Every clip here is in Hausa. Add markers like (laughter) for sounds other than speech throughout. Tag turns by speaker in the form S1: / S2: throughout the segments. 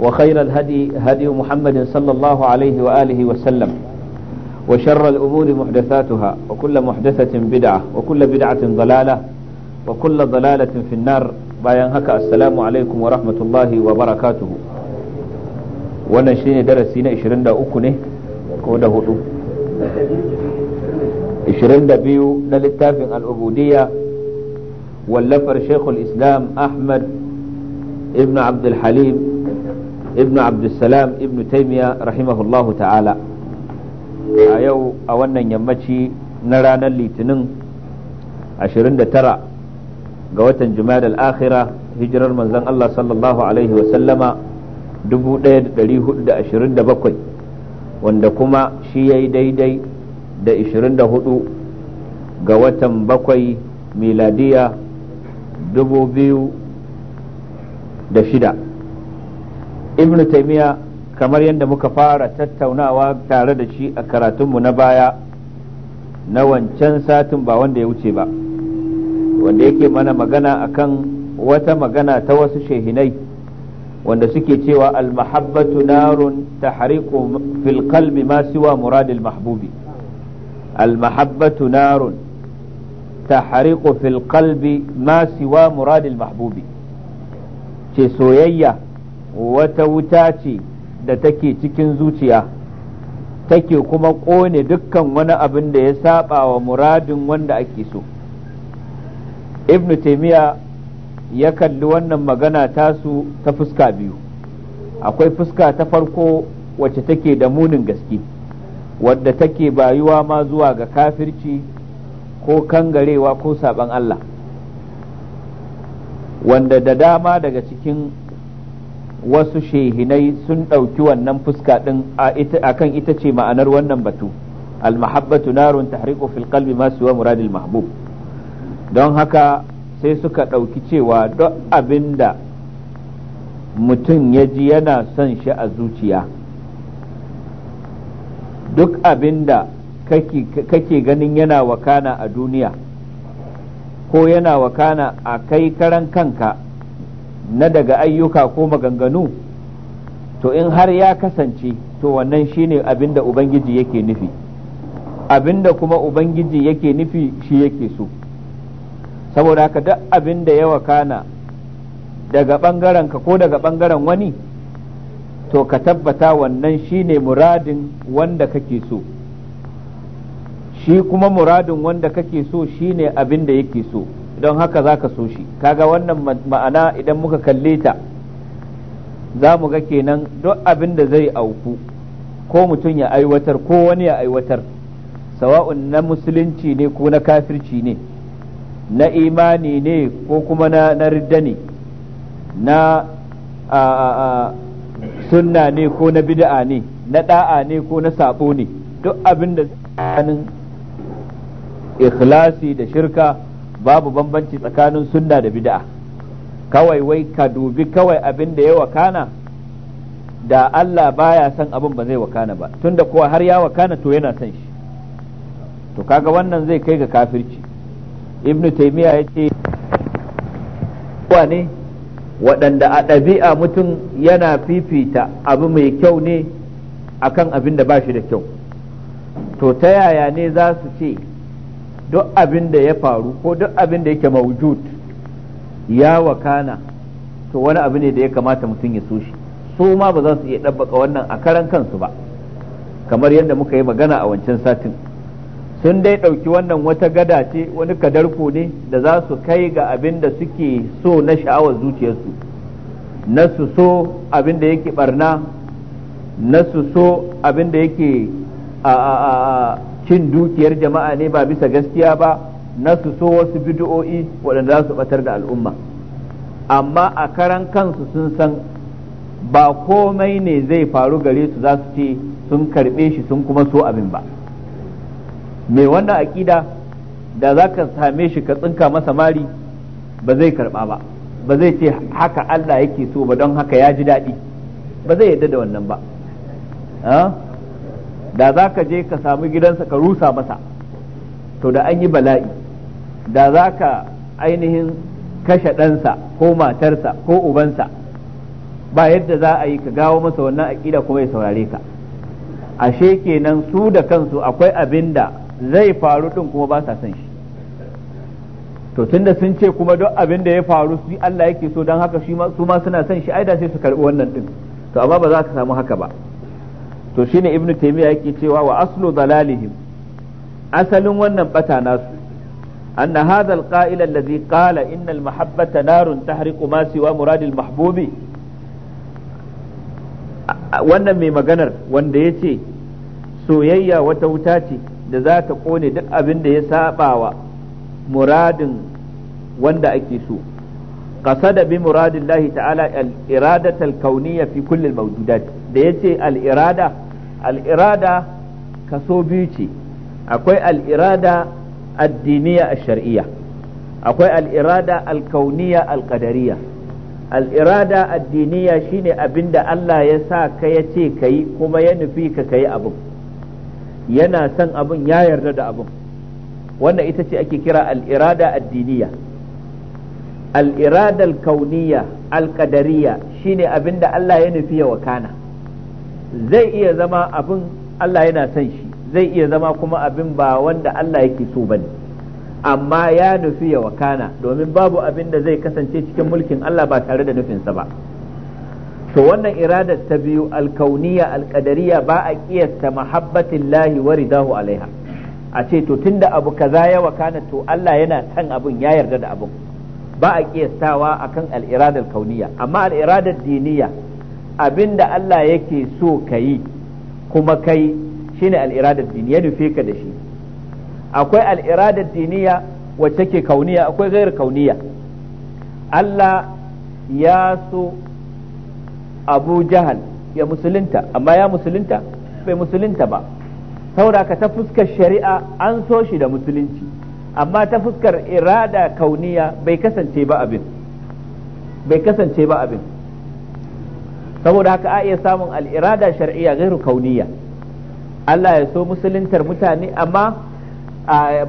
S1: وخير الهدي هدي محمد صلى الله عليه وآله وسلم وشر الأمور محدثاتها وكل محدثة بدعة وكل بدعة ضلالة وكل ضلالة في النار bayan haka assalamu alaikum wa rahmatullahi wa barakatuhu wannan shi ne darasi na 23 ne ko da hudu na littafin al'ubudiyya wallafar shekul islam ahmad ibn abdulhalim ibnu abdulsalam ibnu taimiya rahimahullahu ta'ala a yau a wannan yammaci na ranar litinin 29 ga watan jumada al-akhira hijirar manzan Allah sallallahu alaihi wasallama 1427 wanda kuma shi ya daidai da 24 ga watan bakwai miladiya shida. ibnu taymiya kamar yadda muka fara tattaunawa tare da shi a karatunmu na baya na wancan satin ba wanda ya wuce ba wanda yake mana magana akan wata magana ta wasu shehinai wanda suke cewa almahabbatu narun tahriqu fil qalbi ma wa muradil mahbubi almahabbatu narun tahriqu fil qalbi ma wa muradil mahbubi ce soyayya wata wuta ce da take cikin zuciya take kuma ƙone dukkan wani abin da ya saba wa muradin wanda ake so ibn taimiyya ya kalli wannan magana tasu ta fuska biyu akwai fuska ta farko wacce take da munin gaske wadda take bayuwa ma zuwa ga kafirci ko kangarewa ko saban Allah wanda da dama daga cikin wasu shehinai sun ɗauki wannan fuska ɗin a kan ita ce ma'anar wannan batu almahabbatu narun tahriqu fil qalbi masu siwa muradil mahbub don haka sai suka ɗauki cewa duk abinda mutum ya ji yana son shi a zuciya duk abinda kake ganin yana wakana a duniya ko yana wakana a kai karan kanka na daga ayyuka ko maganganu to in har ya kasance to wannan shine abin da ubangiji yake nufi abin da kuma ubangiji yake nufi shi yake so saboda haka duk abin da ya daga bangaren ka ko daga bangaren wani to ka tabbata wannan shine muradin wanda kake so shi kuma muradin wanda kake so shine abin da yake so don haka za ka so shi kaga wannan ma'ana idan muka kalle ta za mu ga kenan duk abin da zai auku ko mutum ya aiwatar ko wani ya aiwatar sawa'un na musulunci ne ko na kafirci ne na imani ne ko kuma na, na ne na a, sunna ne ko na bid'a ne na da'a ne ko na sabo ne duk abin da ikhlasi da shirka babu bambanci tsakanin sunna da bid'a kawai wai ka dubi kawai abin da ya wakana da Allah baya son abin ba zai wakana ba tunda kowa har ya wakana to yana son shi to kaga wannan zai kai ga kafirci ibnu taymiya yace kowa ne waɗanda a ɗabi'a mutum yana fifita abu mai kyau ne akan abin da ba shi da kyau to ta yaya ne za su ce duk abin da ya faru ko duk abin da yake mawujud ya wakana to wani abu ne da ya kamata mutum ya so shi su ma ba za su iya ɗabbaka wannan a karan kansu ba kamar yadda muka yi magana a wancan satin sun dai ɗauki wannan wata gada ce wani kadarko ne da za su kai ga abin da suke so na sha'awar zuciyarsu na su so abin da yake barna na su so abin da yake a cin dukiyar jama'a ne ba bisa gaskiya ba na su so wasu bid'o'i waɗanda za su batar da al'umma amma a karan kansu sun san ba komai ne zai faru gare su za su ce sun karɓe shi sun kuma so abin ba mai wannan aƙida da za ka same shi ka tsinka masa mari ba zai karɓa ba ba zai ce haka Allah yake so ba don haka ya ji daɗi ba zai yarda da wannan ba ah? da za ka je ka samu gidansa ka rusa masa to da an yi bala'i da za ka ainihin kashe ɗansa ko matarsa ko ubansa ba yadda za a yi ka gawo masa wannan aƙida kuma ya saurare ka ashe kenan su da kansu akwai abin da zai faru ɗin kuma ba sa son shi to tunda sun ce kuma duk abin da ya faru su Allah yake so don haka su ma suna son shi ai da sai su karɓi wannan ɗin to amma ba za ka samu haka ba to shine ibnu taymiya yake cewa wa aslu dalalihim asalin wannan bata nasu أن هذا القائل الذي قال إن المحبة نار تحرق ما سوى مراد المحبوب wannan mai maganar wanda ya ce soyayya wata wuta ce da za ta kone duk abin da ya wa muradin wanda ake so da bi muradin lahi ta'ala al-iradata al-kauniyya fi kulli al-mawjudat da yace al-irada al'irada kaso biyu ce akwai al'irada addiniya a shari'a akwai al'irada alkauniya alkadariya al'irada addiniya shine abin Allah ya sa ka ya ce ka yi kuma ya nufi ka ka yi abin yana son abin ya yarda da abin wannan ita ce ake kira al'irada addiniya al'irada alkauniya alƙadariya shine abinda Allah ya nufi ya wakana zai iya zama abin Allah yana son shi zai iya zama kuma abin ba wanda Allah yake so ba ne. amma ya nufi ya wakana domin babu abin da zai kasance cikin mulkin Allah ba tare da nufinsa ba to wannan iradar ta biyu alkauniya alkadariya ba a kiyasta mahabbatin lahi wa ridahu alaiha a ce to tunda abu kaza ya wakana to Allah yana son abin ya yarda da abin ba a kiyastawa akan al'iradar kauniya amma al'iradar diniya Abin da Allah yake so ka yi kuma kai shine al'iradar dini ya nufe ka da shi akwai al'iradar diniya wacce ke kauniya akwai gairar kauniya Allah ya so abu jahal ya musulunta amma ya musulunta bai musulunta ba sauraka ka ta fuskar shari'a an so shi da musulunci amma ta fuskar irada kauniya bai kasance ba abin bai kasance ba abin saboda haka a iya samun al'irada shar'iyya gairu kauniya Allah ya so musuluntar mutane amma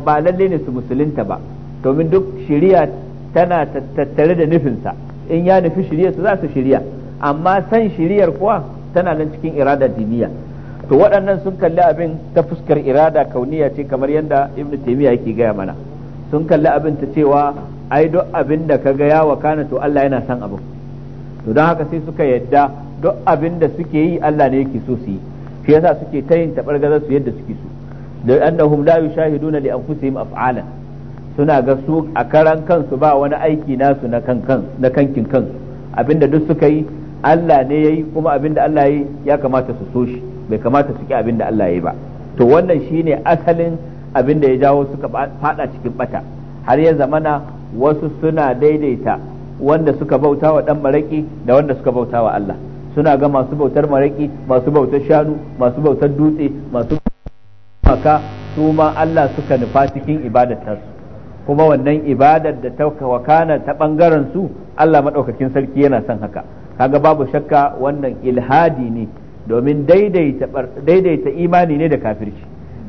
S1: ba lalle ne su musulunta ba domin duk shiriya tana tattare da nufinsa in ya nufi shiriya su za su shiriya amma san shiriyar kuwa tana nan cikin irada diniya to waɗannan sun kalli abin ta fuskar irada kauniya ce kamar yadda ibn taymiya yake gaya mana sun kalli abin ta cewa ai duk abin da ka ga ya wakana to Allah yana san abu to don haka sai suka yadda duk abin da suke yi Allah ne yake so su yi shi yasa suke ta yin tabargazar su yadda suke so da annahum la yushahiduna li anfusihim af'alan suna ga su a karan kansu ba wani aiki nasu na kan na kankin kansu abinda duk suka yi Allah ne yayi kuma abinda Allah yayi ya kamata su so shi bai kamata su ki abinda Allah yayi ba to wannan shine asalin abinda ya jawo suka fada cikin bata har ya zamana wasu suna daidaita wanda suka bauta wa dan maraki da wanda suka bauta wa Allah suna ga masu bautar maraƙi masu bautar shanu masu bautar dutse masu maka su ma Allah suka nufa cikin ibadatar kuma wannan ibadar da ta wakana ta bangaren su Allah madaukakin sarki yana son haka kaga babu shakka wannan ilhadi ne domin daidaita daidaita imani ne da kafirci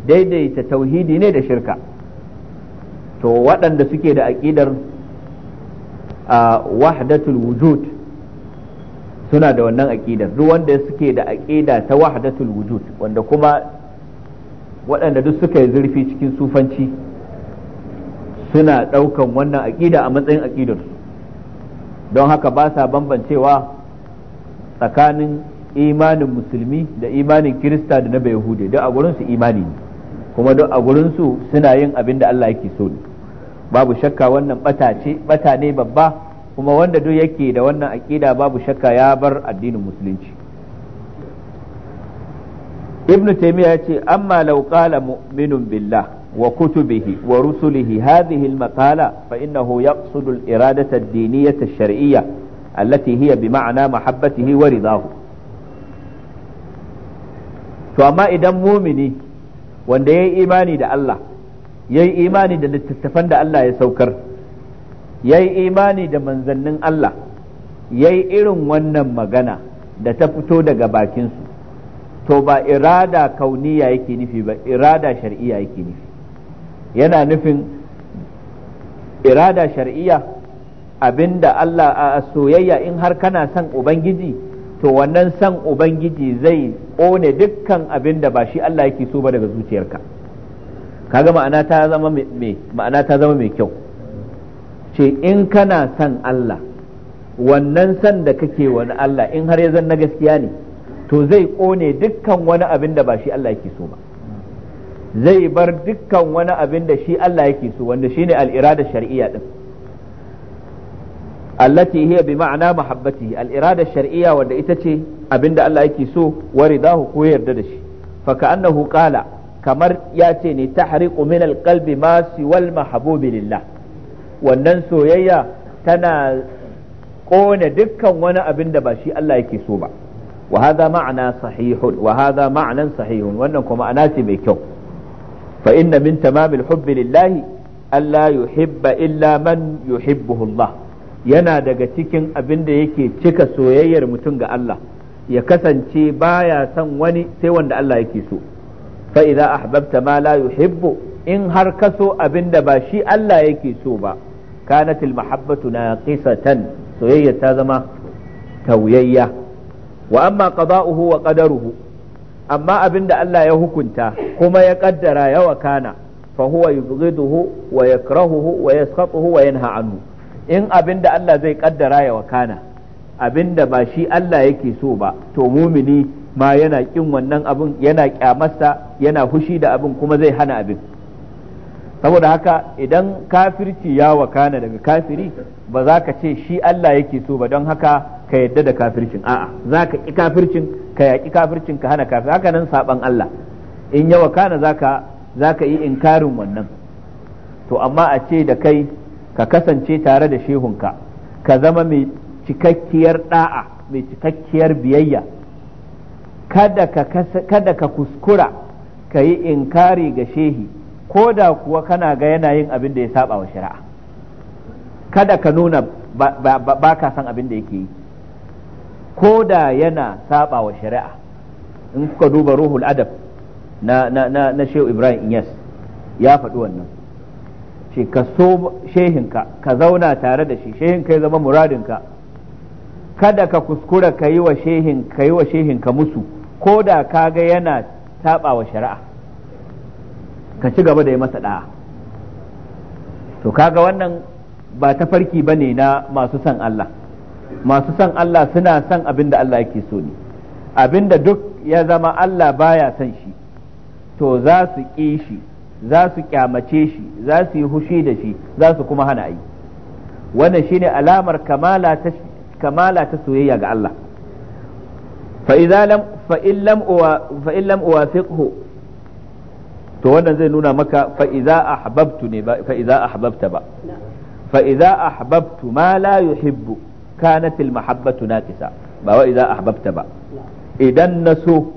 S1: daidaita tauhidi ne da shirka to waɗanda suke da aƙidar wahdatul wujud suna da wannan aƙidar duk wanda suke da aƙida ta wahdatul wujud wanda kuma waɗanda duk suka yi zurfi cikin sufanci suna ɗaukan wannan aqida a matsayin aƙidar don haka ba sa bambancewa tsakanin imanin musulmi da imanin kirista da na yahude duk a su imani ne kuma duk a su suna yin abin da Allah yake so babu shakka wannan bata ce bata ne babba kuma wanda duk yake da wannan aƙida babu shakka ya bar addinin musulunci ibn taymiya ce amma law qala mu'minun billah wa kutubihi wa rusulihi hadhihi al-maqala fa innahu yaqsidu al-iradata ad-diniyata ash-shar'iyya allati hiya bi ma'na mahabbatihi wa ridahu to amma idan mumini wanda yayi imani da Allah yayi imani da littattafan da Allah ya saukar ya yi imani da manzannin Allah ya yi irin wannan magana da ta fito daga bakinsu to ba irada kauniya yake nufi ba irada shari'iya yake nufi yana nufin irada shari'iya abinda Allah a soyayya in har kana son ubangiji to wannan son ubangiji zai ƙone dukkan abinda ba shi Allah yake so ba daga zuciyarka kaga ga ma'ana ta zama mai kyau ce in kana son Allah wannan san da kake wani Allah in har ya zan na gaskiya ne to zai ƙone dukkan wani abin da ba shi Allah yake so ba zai bar dukkan wani abin da shi Allah yake so wanda shine al-irada shar'iyya din allati hiya bi ma'ana mahabbati al-irada shar'iyya wanda ita ce abin da Allah yake so wa ridahu ko yarda da shi fa ka'annahu qala kamar ya ce ne tahriqu min al-qalbi ma siwal mahbubi lillah wannan soyayya tana ƙone dukkan wani abin da ba shi Allah yake so ba wa hadha ma'ana sahihun wa hadha ma'nan sahihun wannan kuma ana ce mai kyau fa inna min tamamil hubbi lillahi alla yuhibba illa man yuhibbuhu Allah yana daga cikin abin da yake cika soyayyar mutum ga Allah ya kasance baya son wani sai wanda Allah yake so fa idza ahbabta ma la yuhibbu in har ka so abin da ba shi Allah yake so ba kanat na mahabbatu tan soyayya ta zama tauyayya wa amma qada'uhu wa qadaruhu amma abinda Allah ya hukunta kuma ya kaddara ya wakana fa in abinda Allah zai kaddara ya wakana abinda ba shi Allah yake so ba to mumini ma yana kin wannan abin yana kyamarsa yana fushi da abin kuma zai hana abin saboda haka idan kafirci ya wakana daga kafiri ba za ka ce shi Allah yake so ba don haka ka yadda da kafircin a'a za ka ƙi kafircin ka yaƙi kafircin ka hana kafir haka nan saban Allah in ya wakana za ka yi inkarin wannan to amma a ce da kai ka kasance tare da shehunka ka zama mai cikakkiyar da'a mai cikakkiyar biyayya kada ka kuskura ka yi inkari ga shehi ko da kuwa kana ga yana yin abin da ya saba wa shari'a kada ka nuna ba ka san abin da yake yi ko da yana saba wa shari'a in kuka duba ruhul adab na na na, na shehu ibrahim yes ya faɗi wannan ce ka so shehinka ka zauna tare da shi shehinka ya zama muradinka kada ka kuskura ka yi wa shehinka musu ko da ka ga yana saba wa shari'a ka ci gaba da yi masa da'a to kaga wannan ba ta farki ba ne na masu son Allah masu son Allah suna son abin da Allah yake so ne abin da duk ya zama Allah baya son shi to za su ƙi shi za su kyamace shi za su yi hushi da shi za su kuma hana yi wannan shine alamar kamala ta soyayya ga Allah fa idza lam fa illam uwa fa to wannan zai nuna maka fa'iza a hababtu ne ba fa'iza a hababta ba fa'iza a hababtu ma la yuhibbu kanat al na kisa ba wa a hababta ba idan na so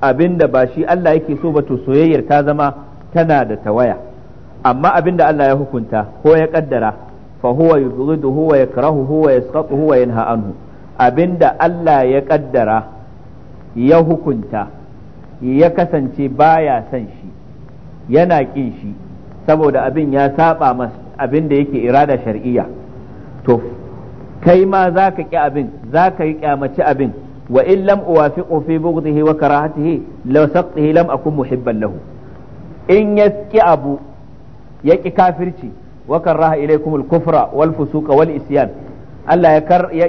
S1: abinda ba shi Allah yake so ba to soyayyar ta zama tana da tawaya amma abinda Allah ya hukunta ko ya kaddara fa huwa yubghidu huwa yakrahu huwa yasqatu huwa yanha anhu abinda Allah ya kaddara ya hukunta ya kasance baya son shi yana kin shi saboda abin ya saba masa abin da yake irada shar'iyya to kai ma zaka ki ƙi abin zaka yi kyamaci abin wa in lam uwafiqu fi bughdihi wa karahatihi law saqtihi lam akun muhibban lahu in ya ƙi abu ya ƙi kafirci wa karaha ilaykum al-kufra wal fusuqa wal isyan Allah ya kar ya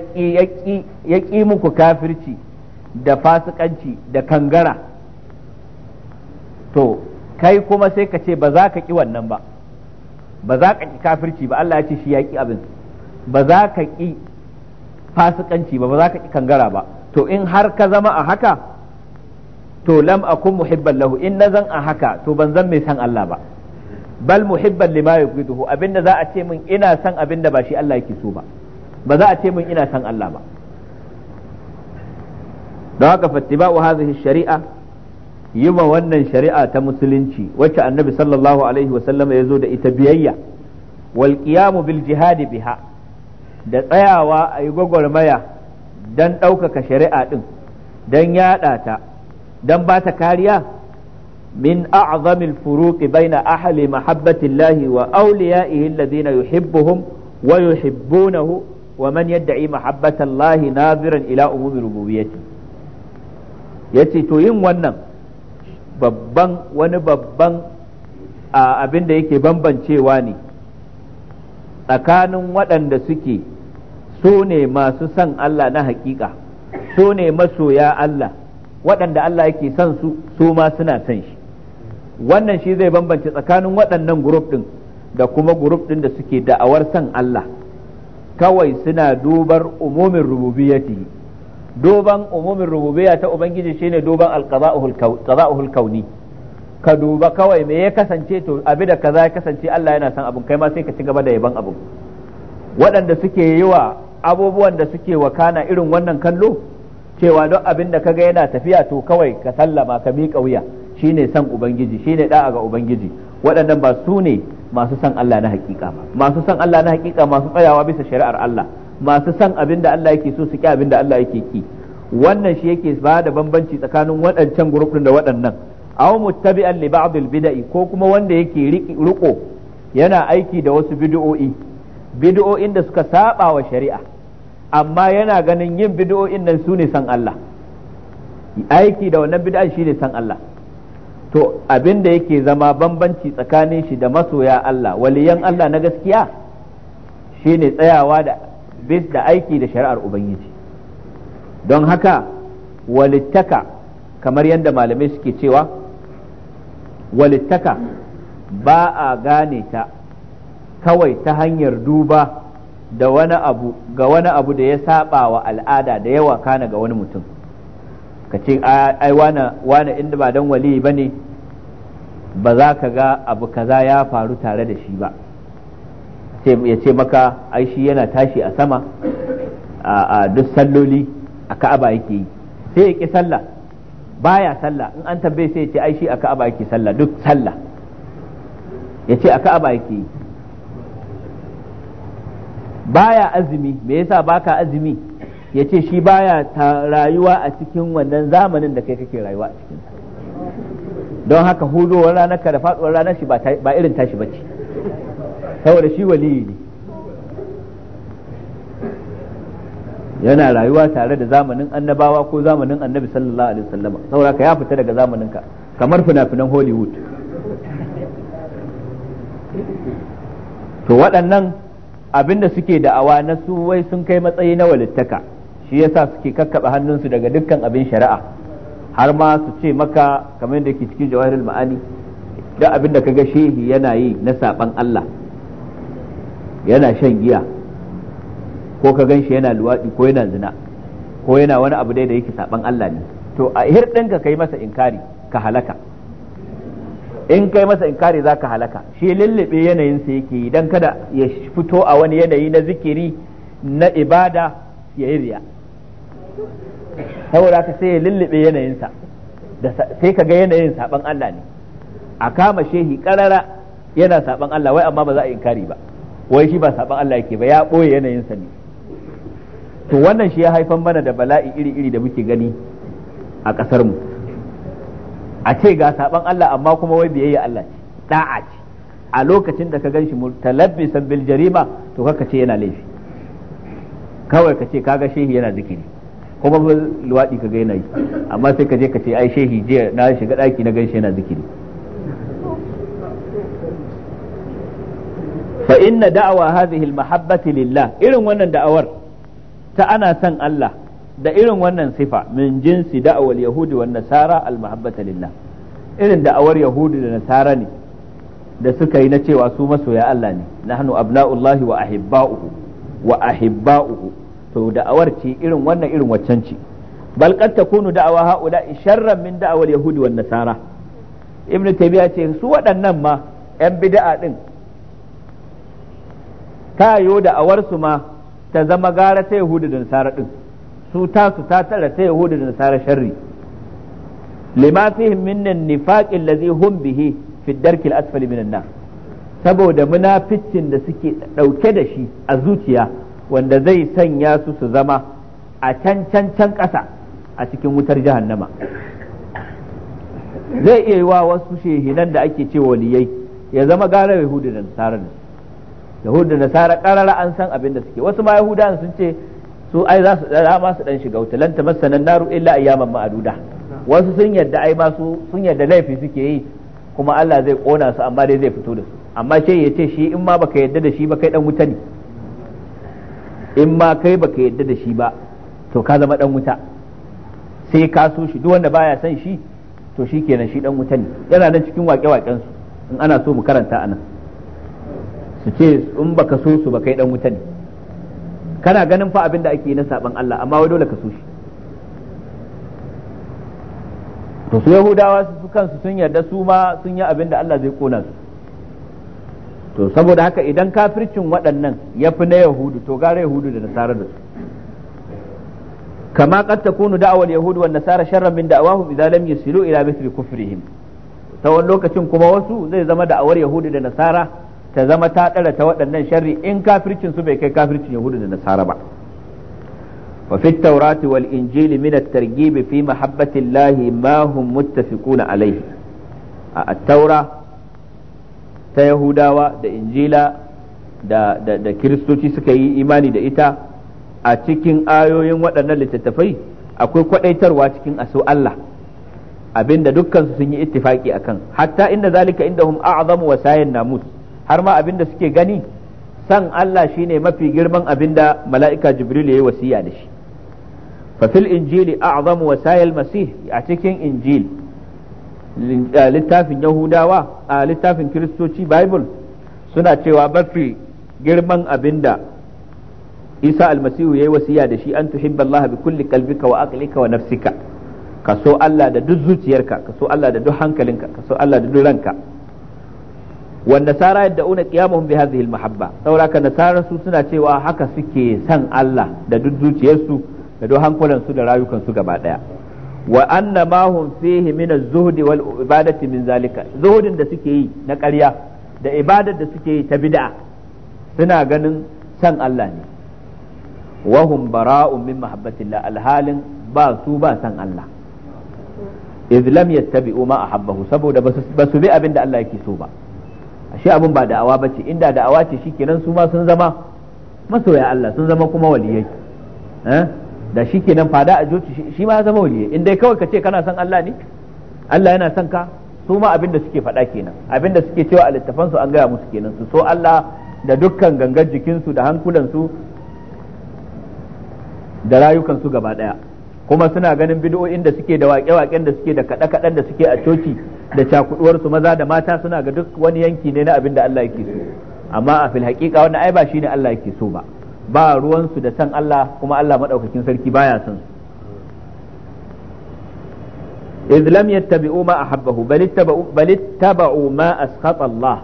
S1: ƙi muku kafirci da fasikanci da kangara to kai kuma sai ka ce ba za ka ki wannan ba ba za ka ki kafirci ba Allah ya ce shi ya ki abin ba za ka ki fasikanci ba ba za ka ki kangara ba to in har ka zama a haka to lam akun muhibban lahu in na zan a haka to ban zan mai san Allah ba bal muhibban lima yuqiduhu abinda za a ce min ina san abinda ba shi Allah yake so ba ba za a ce min ina san Allah ba don haka fattiba'u hadhihi shari'a yi ma wannan shari'a ta musulunci wacce annabi sallallahu alaihi ya zo da ita biyayya wal qiyamu bil jihadi biha da tsayawa a yi gwagwarmaya don ɗaukaka shari'a ɗin don yaɗa ta don ba ta kariya min a'zamil furuqi baina ahli mahabbatillahi wa awliya'ihi alladhina yuhibbuhum wa yuhibbunahu wa man yad'i mahabbatallahi naziran ila umumi rububiyyati yace to yin wannan babban wani babban abin da yake bambancewa ne tsakanin waɗanda suke so ne masu son Allah na hakika so ne masoya Allah waɗanda Allah yake son su so ma suna son shi wannan shi zai bambance tsakanin waɗannan gurup ɗin da kuma gurup ɗin da suke da'awar son Allah kawai suna dubar umumin rububiyati doban umumin rububiyya ta ubangiji shine doban alqaza'ul kauni ka duba kawai me ya kasance to abi da kaza ya kasance Allah yana san abin kai ma sai ka ci gaba da yaban abu. waɗanda suke yi wa abubuwan da suke wakana irin wannan kallo cewa don abin da kaga yana tafiya to kawai ka sallama ka miƙa wuya shine san ubangiji shine da'a ga ubangiji waɗannan ba su ne masu san Allah na hakika ba masu san Allah na hakika masu tsayawa bisa shari'ar Allah masu son abin da Allah yake so su ki abin da Allah yake ki wannan shi yake ba da bambanci tsakanin waɗancan group da waɗannan aw muttabi'an li ba'd al bid'i ko kuma wanda yake riko yana aiki da wasu bid'o'i bid'o'in da suka saba wa shari'a amma yana ganin yin bid'o'in nan su ne san Allah aiki da wannan bid'a shi ne san Allah to abin da yake zama bambanci tsakanin shi da masoya Allah waliyan Allah na gaskiya shine tsayawa da bis da aiki da shari'ar ubangiji don haka walittaka kamar yadda malamai suke cewa walittaka ba a gane ta kawai ta hanyar duba da wani abu ga wani abu da ya saba wa al'ada da yawa kana ga wani mutum ka ce ai wane inda ba dan wali bane ne ba za ka ga abu kaza ya faru tare da shi ba ya ce maka ai shi yana tashi a sama a duk salloli a ka'aba yake yi sai ya ki sallah baya sallah in an tambaye sai ya ce ai shi a ka'aba yake sallah duk sallah ya ce a ka'aba yake yi baya azumi me yasa baka azumi ya ce shi baya rayuwa a cikin wannan zamanin da kai kake rayuwa a cikin don haka hudowar ranar ka da faduwar ranar shi ba irin tashi bace saboda shi waliyi ne yana rayuwa tare da zamanin annabawa ko zamanin annabi sallallahu alaihi wasallam saboda ka ya fita daga zamanin ka kamar fina-finan hollywood to waɗannan abinda suke da'awa na su wai sun kai matsayi na walittaka shi yasa suke kakkaba hannunsu daga dukkan abin shari'a har ma su ce maka kamar yadda ke cikin jawahirul ma'ani da abin da kaga shehi yana yi na saban Allah yana shan giya ko ka gan shi yana luwaɗi ko yana zina ko yana wani abu dai da yake saban Allah ne to a ka kai masa inkari ka halaka in kai masa inkari za ka halaka shi lullube yanayinsa yake yi don kada ya fito a wani yanayi na zikiri na ibada ya yi riya saboda ka sai ya lullube yanayinsa sai ka ga yanayin saban Allah ne a kama shehi karara yana saban Allah wai amma ba za a inkari ba wai shi ba saban Allah yake ba ya ɓoye yanayin sa ne to wannan shi ya haifan mana da bala'i iri-iri da muke gani a ƙasar mu a ce ga saban Allah amma kuma wai biyayya Allah ce da'a ce a lokacin da ka gan shi mutalabbisan bil jarima to kaka ce yana laifi kawai ka ce kaga shehi yana zikiri kuma luwaɗi ka ga yana yi amma sai ka je ka ce ai shehi jiya na shiga ɗaki na gan shi yana zikiri fa inna da'awa hadhihi al-mahabbati lillah irin wannan da'awar ta ana san Allah da irin wannan sifa min jinsi da'awal yahudi wan nasara lillah irin da'awar yahudi da nasara ne da suka yi na cewa su masoya Allah ne nahnu abna'ullahi wa ahibba'uhu wa ahibba'uhu to da'awar ce irin wannan irin waccan ce bal qad takunu da'awa haula sharran min da'awal yahudi wan nasara ibnu taymiya ce su waɗannan ma yan bid'a din ta yo da awarsu ma ta zama gara ta yahudu da nasara din su ta su ta tara ta yahudu da nasara sharri lima fihim min an-nifaq allazi hum bihi fi darkil asfali min nar saboda munaficin da suke dauke da shi a zuciya wanda zai sanya su su zama a can can can ƙasa a cikin wutar jahannama zai iya yi wa wasu shehinan da ake cewa waliyai ya zama gara yahudu da nasara yahud da nasara karara an san abin da suke wasu ma yahudan sun ce su ai za su ma su dan shiga wuta lan tamassanan naru illa ayyaman ma'aduda wasu sun yadda ai ma su sun yadda laifi suke yi kuma Allah zai kona su amma dai zai fito da su amma shi yace shi in ma baka yadda da shi ba kai dan wuta ne in ma kai baka yadda da shi ba to ka zama dan wuta sai ka so shi duk wanda baya son shi to shi kenan shi dan wuta ne yana nan cikin wake-waken su in ana so mu karanta anan su ce in baka so su ba kai dan wuta ne kana ganin fa abin da ake yi na saban Allah amma wai dole ka so shi to su yahudawa su kansu sun yarda su ma sun yi abin da Allah zai kona su to saboda haka idan kafircin waɗannan ya fi na yahudu to gara yahudu da nasara da su kama qad takunu da'awal yahudu wan nasara sharran min da'awahum idza lam yasilu ila mithli kufrihim ta wani lokacin kuma wasu zai zama da'awar yahudu da nasara ta zama ta ɗara ta waɗannan sharri in kafircin su bai kai kafircin yahudu da nasara ba wa fi taurati wal injili min at-targhib fi mahabbati ma hum muttafiquna alayhi a taura ta yahudawa da injila da da, da kiristoci suka yi imani da ita a cikin ayoyin waɗannan littattafai akwai kwadaitarwa cikin aso Allah abinda dukkan su sun yi ittifaki akan hatta inda zalika indahum a'zamu wasayin namus har ma abin da suke gani san Allah shine mafi girman abin da mala'ika Jibril ya yi wasiya da shi fafil injili a'zamu wasayil masih a cikin injil littafin yahudawa a littafin kiristoci bible suna cewa mafi girman abinda isa almasihu ya yi wasiya da shi an tuhibba Allah bi kulli kalbika wa aqlika wa nafsika ka so Allah da duk zuciyarka ka so Allah da duk hankalinka ka so Allah da duk ranka wanda sara yadda una qiyamahum bi hadhihi almahabba saboda ka su suna cewa haka suke san Allah da duk zuciyarsu da duk hankulan da rayukan su gaba daya wa anna zuhdi wal ibadati min zalika da suke yi na karya da ibadar da suke yi ta bid'a suna ganin san Allah ne wa hum bara'un min mahabbatillah alhalin ba su ba san Allah idh lam yattabi'u ma ahabbahu saboda basu bi abinda Allah yake so ba ashe abin ba da'awa bace inda da'awa ce shikenan su ma sun zama masoya Allah sun zama kuma waliyai eh? da shikenan fada a joci shi ma ya zama waliyai in dai kawai ka ce kana son Allah ne Allah yana son ka su ma abin da suke fada kenan abin da suke cewa a littafan su an gaya musu kenan su so Allah da dukkan gangar jikinsu da hankulansu da rayukansu gaba ɗaya kuma suna ganin bidiyoyin da suke da waƙe-waƙen da suke da kaɗe-kaɗen da suke a coci da cakuduwar maza da mata suna ga duk wani yanki ne na abinda da Allah yake so amma a fil haqiqa wannan ai ba shine Allah yake so ba ba ruwansu da san Allah kuma Allah madaukakin sarki baya san su idh lam yattabi'u ma ahabbahu bal ittaba'u bal ma askhata Allah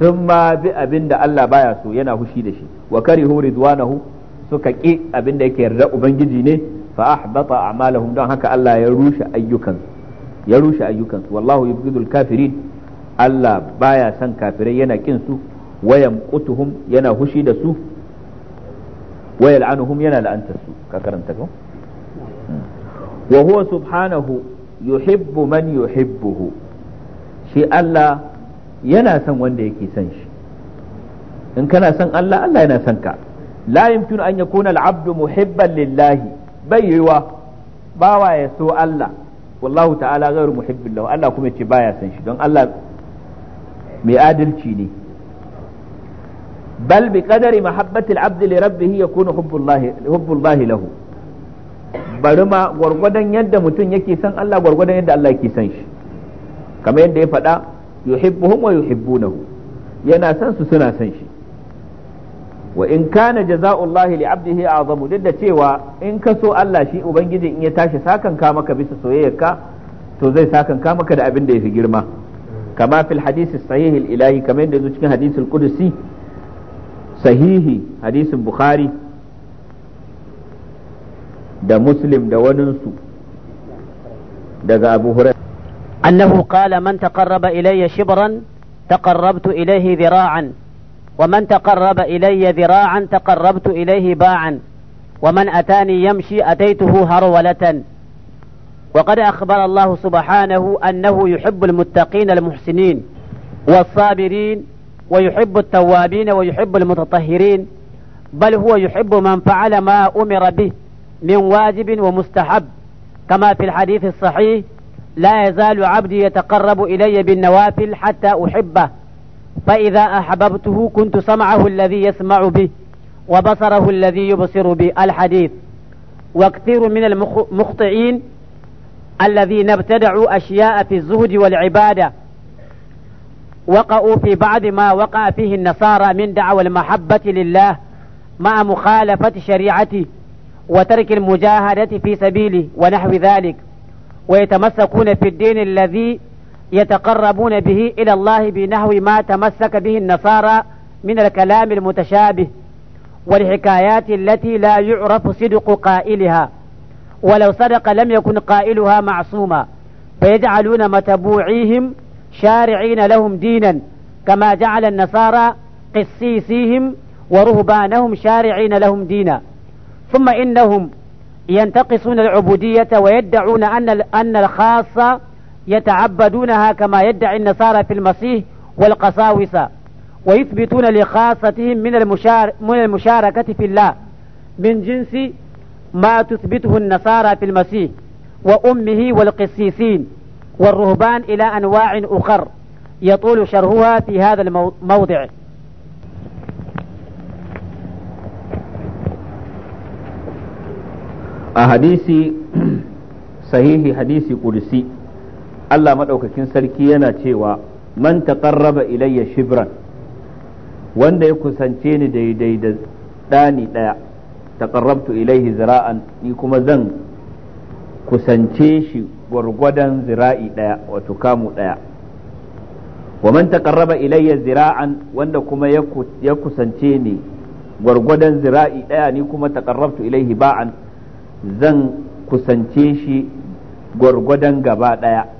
S1: thumma bi abin da Allah baya so yana hushi da shi wa karihu ridwanahu suka ki abinda yake yarda ubangiji ne fa a a'malahum don haka Allah ya rushe ayyukansu ya rushe ayyukansu wallahu yubghidul kafirin Allah baya son kafirai yana kin su wayan qutuhum yana hushi da su wayal anuhum yana la'anta su ka karanta ko hmm. wa huwa subhanahu yuhibbu man yuhibbuhu shi Allah yana son wanda yake son shi in kana son Allah Allah yana son ka la yumkinu an yakuna al-abdu muhibban lillahi bai yiwa bawa ya so Allah wallahu ta'ala ghairu muhibbin lahu Allah kuma ce baya san shi don Allah mai adalci ne bal bi qadari mahabbati al-abd li rabbih yakunu hubbullahi hubbullahi lahu bari ma gwargwadon yadda mutum yake san Allah gwargwadon yadda Allah yake san shi kamar yadda ya faɗa yuhibbuhum wa yuhibbunahu yana san su suna san shi wa in kana jaza'ullahi li 'abdihi azamu duk da cewa in ka so Allah shi ubangiji in ya tashi sakan ka maka bisa soyayyarka to zai sakan ka maka da abin da yafi girma kama fil hadisi sahih al ilahi kamar yadda zo cikin hadisul qudusi sahihi hadisin bukhari da muslim da waninsu daga abu hurairah annahu
S2: qala man taqarraba ilayya shibran taqarrabtu ilayhi dhira'an ومن تقرب إلي ذراعا تقربت إليه باعا ومن أتاني يمشي أتيته هرولة وقد أخبر الله سبحانه أنه يحب المتقين المحسنين والصابرين ويحب التوابين ويحب المتطهرين بل هو يحب من فعل ما أمر به من واجب ومستحب كما في الحديث الصحيح لا يزال عبدي يتقرب إلي بالنوافل حتى أحبه فإذا أحببته كنت سمعه الذي يسمع به وبصره الذي يبصر به الحديث وكثير من المخطئين الذين ابتدعوا أشياء في الزهد والعبادة وقعوا في بعض ما وقع فيه النصارى من دعوى المحبة لله مع مخالفة شريعته وترك المجاهدة في سبيله ونحو ذلك ويتمسكون في الدين الذي يتقربون به إلى الله بنحو ما تمسك به النصارى من الكلام المتشابه والحكايات التي لا يعرف صدق قائلها ولو صدق لم يكن قائلها معصوما فيجعلون متبوعيهم شارعين لهم دينا كما جعل النصارى قسيسيهم ورهبانهم شارعين لهم دينا ثم إنهم ينتقصون العبودية ويدعون أن أن الخاصة يتعبدونها كما يدعي النصارى في المسيح والقساوسة ويثبتون لخاصتهم من, المشار من المشاركة في الله من جنس ما تثبته النصارى في المسيح وأمه والقسيسين والرهبان إلى أنواع أخر يطول شرحها في هذا الموضع
S1: أحاديث (clears throat) صحيح حديث قدسي Allah maɗaukakin sarki yana cewa man taqarraba ilayya shibran wanda ya kusance ni daidai da ɗani ɗaya taqarrabtu ilayhi zira'an ni kuma zan kusance shi gwargwadon zira'i ɗaya wato kamu ɗaya wa man taqarraba ilayya zira'an wanda kuma ya kusance ni gwargwadon zira'i ɗaya ni kuma taqarrabtu ilayhi ba'an zan kusance shi gwargwadon gaba ɗaya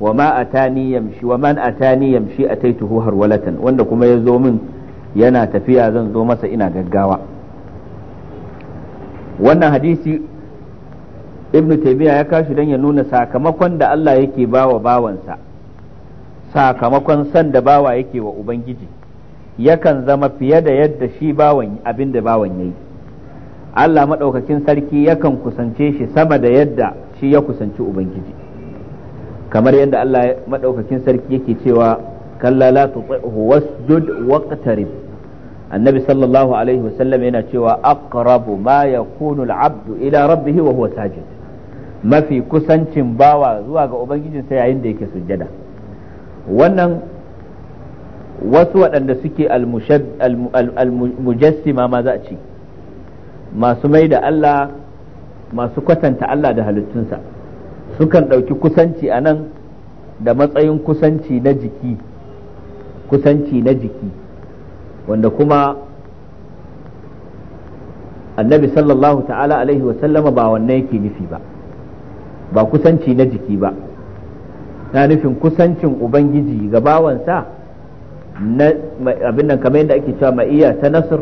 S1: wa ma atani yamshi wa man atani yamshi ataituhu harwalatan wanda kuma ya zo min yana tafiya zan zo masa ina gaggawa wannan hadisi ibnu taymiya ya kashi dan ya nuna sakamakon da Allah yake wa bawansa sakamakon san da bawa yake wa ubangiji yakan zama fiye da yadda shi bawan abin da bawan yayi Allah maɗaukakin sarki yakan kusance shi sama da yadda shi ya kusanci ubangiji kamar yadda Allah madaukakin sarki yake cewa kalla la tuti'hu wasjud waqtarib annabi sallallahu alaihi wasallam yana cewa aqrabu ma yakunu al-abdu ila rabbih wa huwa sajid mafi kusancin bawa zuwa ga ubangijinsa yayin da yake sujjada wannan wasu waɗanda suke almujassima ma za a ce masu mai da Allah masu kwatanta Allah da halittunsa sukan ɗauki kusanci a nan da matsayin kusanci na jiki kusanci na jiki wanda kuma annabi sallallahu ta'ala alaihi wasallama ba wannan yake nufi ba ba kusanci na jiki ba na nufin kusancin ubangiji ga bawansa abin nan kamar yadda ake cewa ma'iyya ta nasr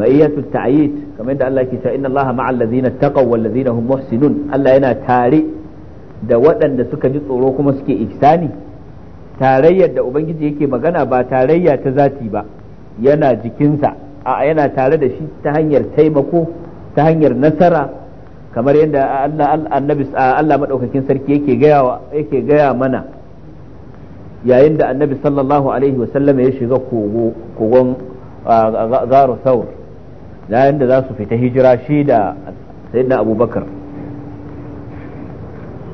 S1: ma'iyatu ta'yid kamar yadda Allah yake cewa inna Allah ma'al ladzina taqaw wal ladzina hum muhsinun Allah yana tare da waɗanda suka ji tsoro kuma suke ihsani tarayyar da ubangiji yake magana ba tarayya ta zati ba yana jikinsa a yana tare da shi ta hanyar taimako ta hanyar nasara kamar yadda Allah Allah maɗaukakin sarki yake gaya mana yayin da annabi sallallahu alaihi wasallam ya shiga kogon garu saur yayin da za su fita hijira shi da sayyidina abubakar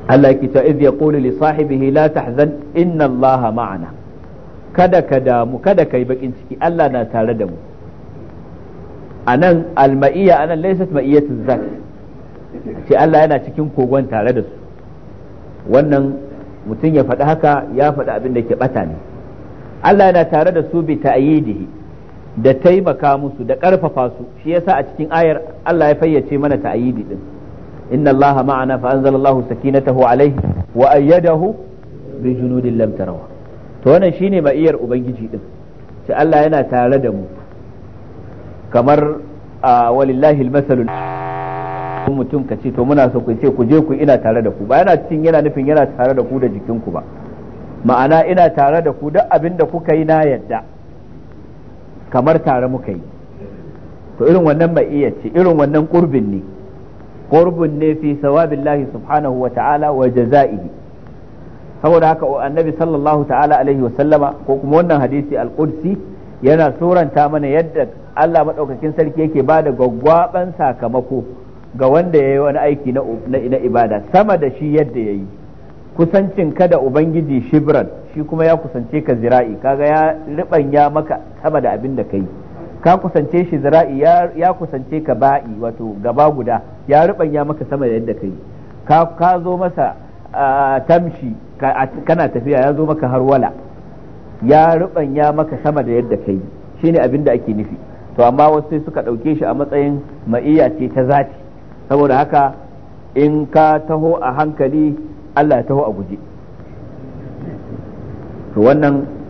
S1: Allah ki ta iz yaqulu li sahibihi la tahzan inna Allaha ma'ana kada ka damu kada kai bakin ciki Allah na tare da mu anan alma'iyya anan laysat ma'iyatu zat ce Allah yana cikin kogon tare da su wannan mutum ya faɗi haka ya faɗi abin da ke ɓata ne Allah yana tare da su bi ta'yidihi da taimaka musu da ƙarfafa su shi yasa a cikin ayar Allah ya fayyace mana ta'yidi din inna allaha ma'ana fa anzalallahu sakinatahu alaihi wa ayyadahu bi junudin lam tarawa to wannan shine ma'iyar ubangiji din sai Allah yana tare da mu kamar a walillahi almasalul mutum ka ce to muna so ku ce ku je ku ina tare da ku ba yana cikin yana nufin yana tare da ku da jikinku ba ma'ana ina tare da ku duk abin da kuka yi na yadda kamar tare muka yi to irin wannan ma'iyar ce irin wannan kurbin ne qurbun ne fi sawabillahi subhanahu wa ta'ala wa jaza'ihi saboda haka annabi sallallahu ta'ala alaihi ko kuma wannan hadisi al-qudsi yana suranta mana yadda Allah madaukakin sarki yake bada gwaggwaban sakamako ga wanda yayi wani aiki na na ibada sama da shi yadda yayi kusancin ka da ubangiji shibran shi kuma ya kusance ka zira'i kaga ya ribanya maka sama da abin da kai ka kusance shi zira'i ya kusance ka ba'i wato gaba guda ya rubanya maka sama da yadda kai ka ka zo masa tamshi kana tafiya ya zo maka har wala ya maka sama da yadda kai shine abin da ake nufi to amma wasu sai suka ɗauke shi a matsayin ma'iya ce ta zati saboda haka in ka taho a hankali Allah ya taho a guje to wannan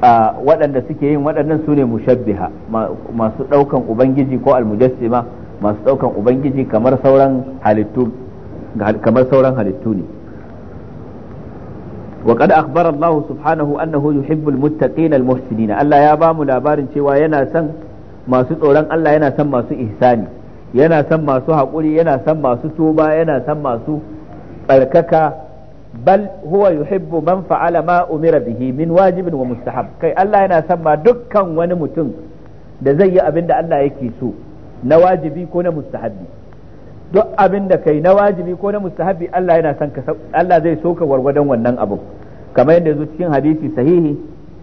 S1: waɗanda suke yin waɗannan su ne mushabbiha masu ɗaukan ubangiji ko almujassima masu ɗaukan ubangiji kamar sauran halittu ne wa kad akhbar Allah subhanahu annahu yuhibbul muttaqina almuhsinina Allah ya ba mu labarin cewa yana san masu tsoron Allah yana san masu ihsani yana san masu hakuri yana san masu toba yana san masu barkaka bal huwa yuhibbu man fa'ala ma umira bihi min wajibin wa mustahab kai wani mutum da zai yi abin da Allah yake so na wajibi ko na mustahabi duk abin da kai na wajibi ko na mustahabi Allah yana son ka Allah zai so ka wargwadon wannan abu kamar yadda yazo cikin hadisi sahihi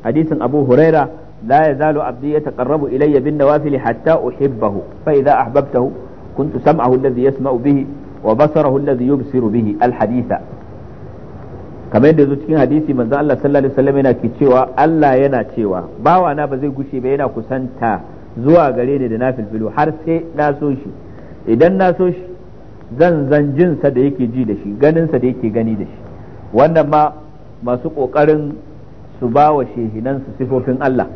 S1: hadisin Abu Huraira la yazalu abdi yataqarrabu ilayya bin nawafil hatta uhibbahu fa idza ahbabtahu kuntu sam'ahu alladhi yasma'u bihi wa basarahu alladhi yubsiru bihi al haditha kamar yadda zo cikin hadisi manzo Allah sallallahu alaihi wasallam yana ke cewa Allah yana cewa bawa na ba zai gushe ba yana kusanta zuwa gare ni da nafilfilu har sai na so shi idan na so shi zan zan jin sa da yake ji da shi ganin sa da yake gani da shi wannan ma masu kokarin su bawa shehinan su sifofin Allah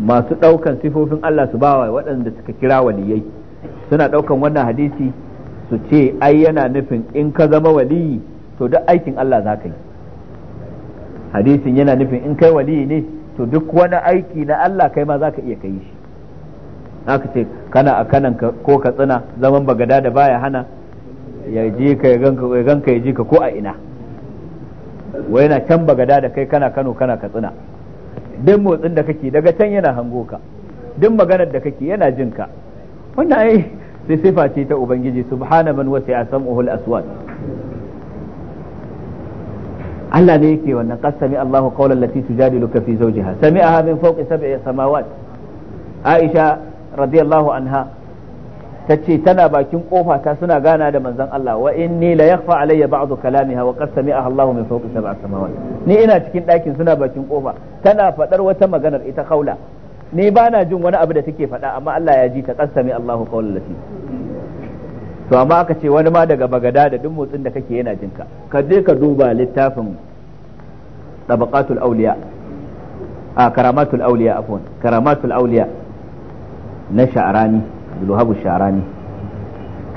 S1: masu daukan sifofin Allah su bawa waɗanda suka kira waliyai suna daukan wannan hadisi su ce ai yana nufin in ka zama waliyi to duk aikin Allah za ka yi hadisin yana nufin in kai waliyi ne to duk wani aiki na Allah kai ma za ka iya kai shi aka ce kana a kanan ko ka tsina zaman bagada da baya hana ya ji ka ya ganka ya ji ka ko a ina wai yana can bagada da kai kana Kano kana Katsina duk motsin da kake daga can yana hango ka duk maganar da kake yana jin ka wannan ai sai sifa ce ta ubangiji subhana man wasi'a sam'uhu al-aswat Allah ne yake wannan kasami sami Allahu qawlan lati tujadiluka fi zawjiha sami'aha min fawqi sab'i samawat Aisha radiyallahu anha tace tana bakin kofa ta suna gana da manzon Allah wa inni la yakhfa alayya ba'du kalamiha wa qad sami'aha Allahu min fawqi sab'i samawat ni ina cikin ɗakin suna bakin kofa tana fadar wata maganar ita kaula ni ba na jin wani abu da take faɗa amma Allah ya ji ta qad Allahu qawlan lati to amma aka ce wani ma daga bagada da duk motsin da kake yana jinka ka je ka duba littafin tabaqatul awliya a karamatul awliya afwan karamatul awliya na sha'rani zulhabu sha'rani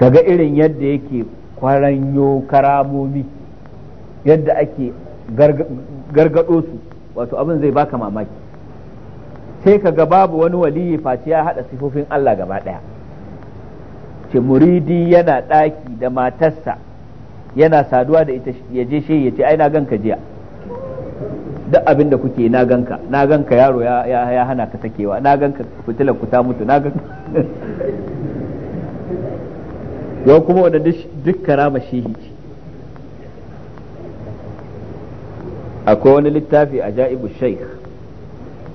S1: kaga irin yadda yake kwaranyo karamomi yadda ake gargado su wato abin zai baka mamaki sai kaga babu wani waliyi face ya hada sifofin Allah gaba daya ce muridi yana ɗaki da matarsa yana saduwa da ita ya je shi ya ce ai na ganka jiya duk abin da kuke na ganka na ganka yaro ya hana ka sakewa na ganka fitilar ku ta mutu na ganka
S3: (laughs)
S1: yau kuma wanda duk karama shi ce akwai wani littafi a ja'ibu sheikh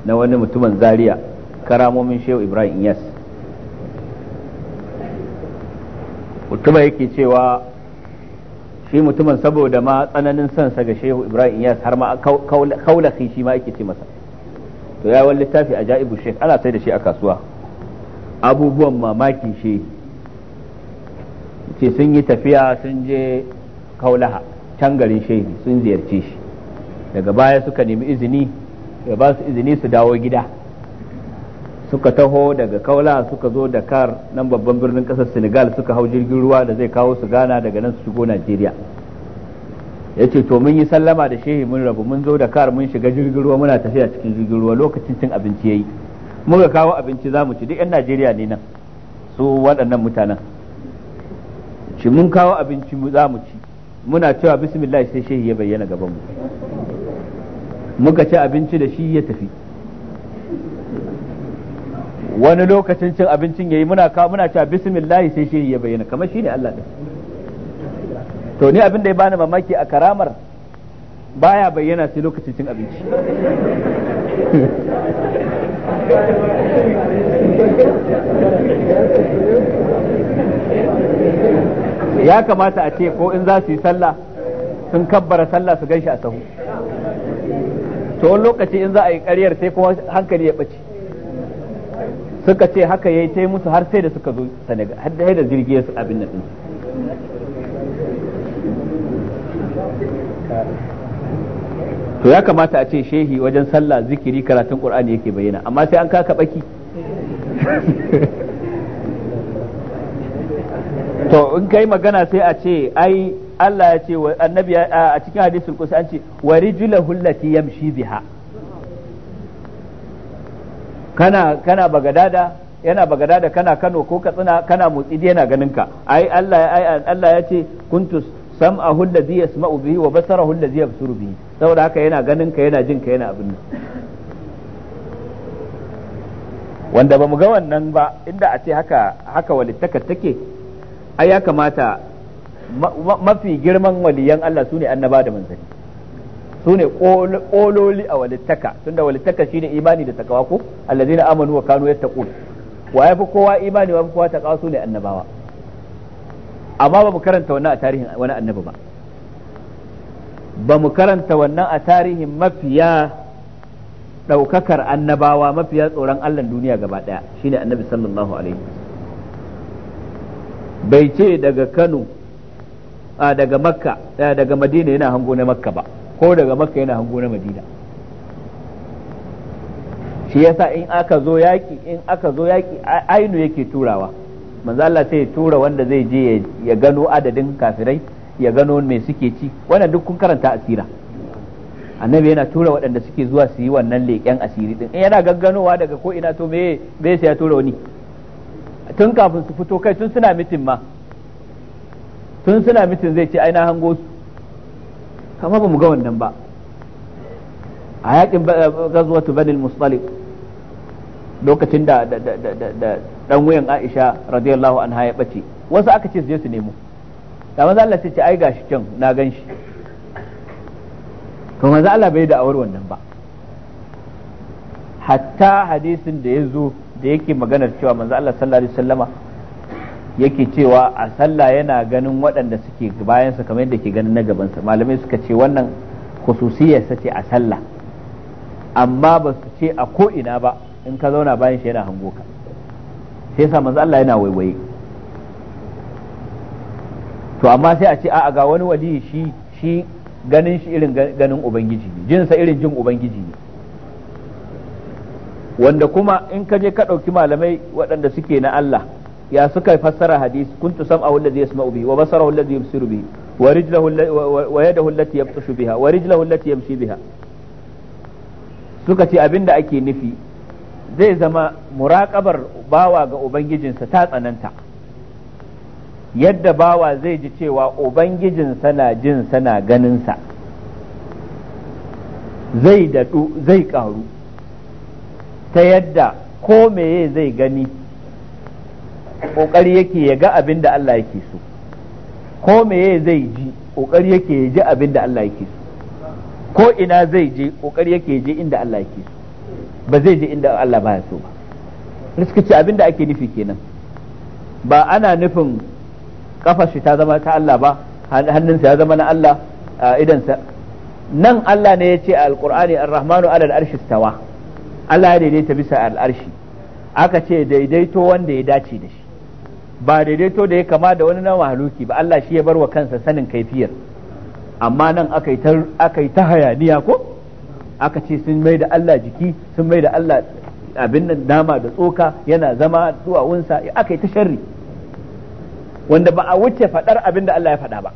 S1: na wani mutumin zaria karamomin shehu ibrahim yas mutumin yake cewa shi mutumin saboda ma tsananin son sa ga shehu ibrahim yas har ma kai shi ma yake ce masa to ya wani littafi a ja'ibu shek ana sai da shi a kasuwa abubuwan mamakin shi ce sun yi tafiya sun je kaulaha can garin shehu sun ziyarce shi daga baya suka nemi izini ya ba su izini su dawo gida suka taho daga kaula suka zo dakar nan babban birnin kasar senegal suka hau jirgin ruwa da zai kawo su gana daga nan su shigo najeriya ya ce to mun yi sallama da shehi mun rabu mun zo dakar mun shiga jirgin ruwa muna tafiya cikin jirgin ruwa lokacin cin abinci ya yi muka kawo abinci za mu ci duk 'yan najeriya ne nan su waɗannan mutanen ci mun kawo abinci mu za mu ci muna cewa bismillah sai shehi ya bayyana gaban mu muka ci abinci da shi ya tafi wani lokacin cin abincin yayi muna ka muna cewa bismillah sai shi ya bayyana kamar shine Allah din to ni abin da ya bani mamaki a karamar baya bayyana sai lokacin cin abinci (laughs) ya kamata a ce ko in za su yi sallah sun kabbara sallah su gan shi a sahu to wani lokaci in za a yi karyar sai kuma hankali ya ɓace suka ce haka yayi ta musu har sai da suka zo Senegal har da jirgi ya su abin nan to ya kamata a ce shehi wajen sallah zikiri karatun qur'ani yake bayyana amma sai an kaka baki
S3: (laughs) to
S1: in kai magana sai a ce ai Allah ya ce annabi a cikin hadisul kusa an ce wari jula allati yamshi biha kana kana bagadada yana bagadada kana Kano ko Katsina kana motsi yana ganin ka ai Allah ai Allah ya ce kuntus sam'ahu allazi yasma'u bihi wa basarahu allazi yabsuru bihi saboda haka yana ganin ka yana jin ka yana abin wanda ba mu ga wannan ba inda a ce haka haka walittaka take ai ya kamata mafi girman waliyan Allah sune annaba da manzanni su ne kololi a walittaka tunda walittaka ne imani da takawa ko na amanu wa kanu yattaqun wa ya fi kowa imani wa kowa takawa su ne annabawa amma ba mu karanta wannan a tarihin wani annabi ba ba mu karanta wannan a tarihin mafiya ɗaukakar annabawa mafiya tsoron Allah duniya gaba shi shine annabi sallallahu alaihi bai ce daga Kano daga Makka daga Madina yana hango na Makka ba ko daga makka yana hango na madina shi yasa in aka zo yaki in aka zo yaki ainu yake turawa manzo Allah sai ya tura wanda zai je ya gano adadin kafirai ya gano me suke ci wannan duk kun karanta asira annabi yana tura waɗanda suke zuwa su yi wannan leƙen asiri din in yana gagganowa daga ko ina to me me sai ya tura wani tun kafin su fito kai tun suna mitin ma tun suna mitin zai ce aina hango su amma ba mu ga wannan ba a yakin eh, gazuwatu banin mustalik lokacin da dan wuyan Aisha radiyallahu anha ya bace wasu aka ce su je su nemo da maza Allah sai ce ai gashi can na gan shi to maza Allah bai da awar wannan ba hatta hadisin da ya zo da yake maganar cewa manzo Allah sallallahu alaihi wasallama yake cewa a sallah yana ganin waɗanda suke bayansa kamar yadda ke ganin na gabansa malamai suka ce wannan sa ce a sallah amma ba su ce a ko'ina ba in ka zauna bayan shi yana hango ka sai sa manzo Allah yana waiwaye to amma sai a ce a ga wani wali shi shi ganin shi irin ganin ubangiji ne jinsa irin jin ubangiji ne wanda kuma in ka je ka ɗauki malamai waɗanda suke na Allah ya suka fassara hadisi kuntu wanda zai yasma'u bihi wa basarahu alladhi yubsiru bihi wa rijlahu wa yadahu allati yabtashu biha wa ta allati yamshi biha suka ce abinda ake nufi zai zama muraqabar bawa ga ubangijinsa ta tsananta yadda bawa zai ji cewa ubangijinsa na jin sana ganinsa zai daɗu zai ƙaru ta yadda ko meye zai gani kokari yake ya ga abin da Allah yake so ko meye zai ji kokari yake ya ji abin da Allah yake so ko ina zai je kokari yake ya je inda Allah yake so ba zai je inda Allah ba ya so ba suka ce abin da ake nufi kenan ba ana nufin kafar shi ta zama ta Allah ba hannunsa ya zama na Allah a idansa nan Allah ne ya ce a alqur'ani arrahmanu alal arshi stawa Allah ya daidaita bisa al'arshi aka ce daidaito wanda ya dace da shi ba daidaito da ya kama da wani na mahaluki ba Allah shi ya bar wa kansa sanin kaifiyar amma nan aka yi ta hayaniya ko aka ce sun mai da Allah jiki sun mai da Allah abin nan dama da tsoka yana zama duwawunsa aka yi ta sharri wanda ba a wuce faɗar abin da Allah ya faɗa ba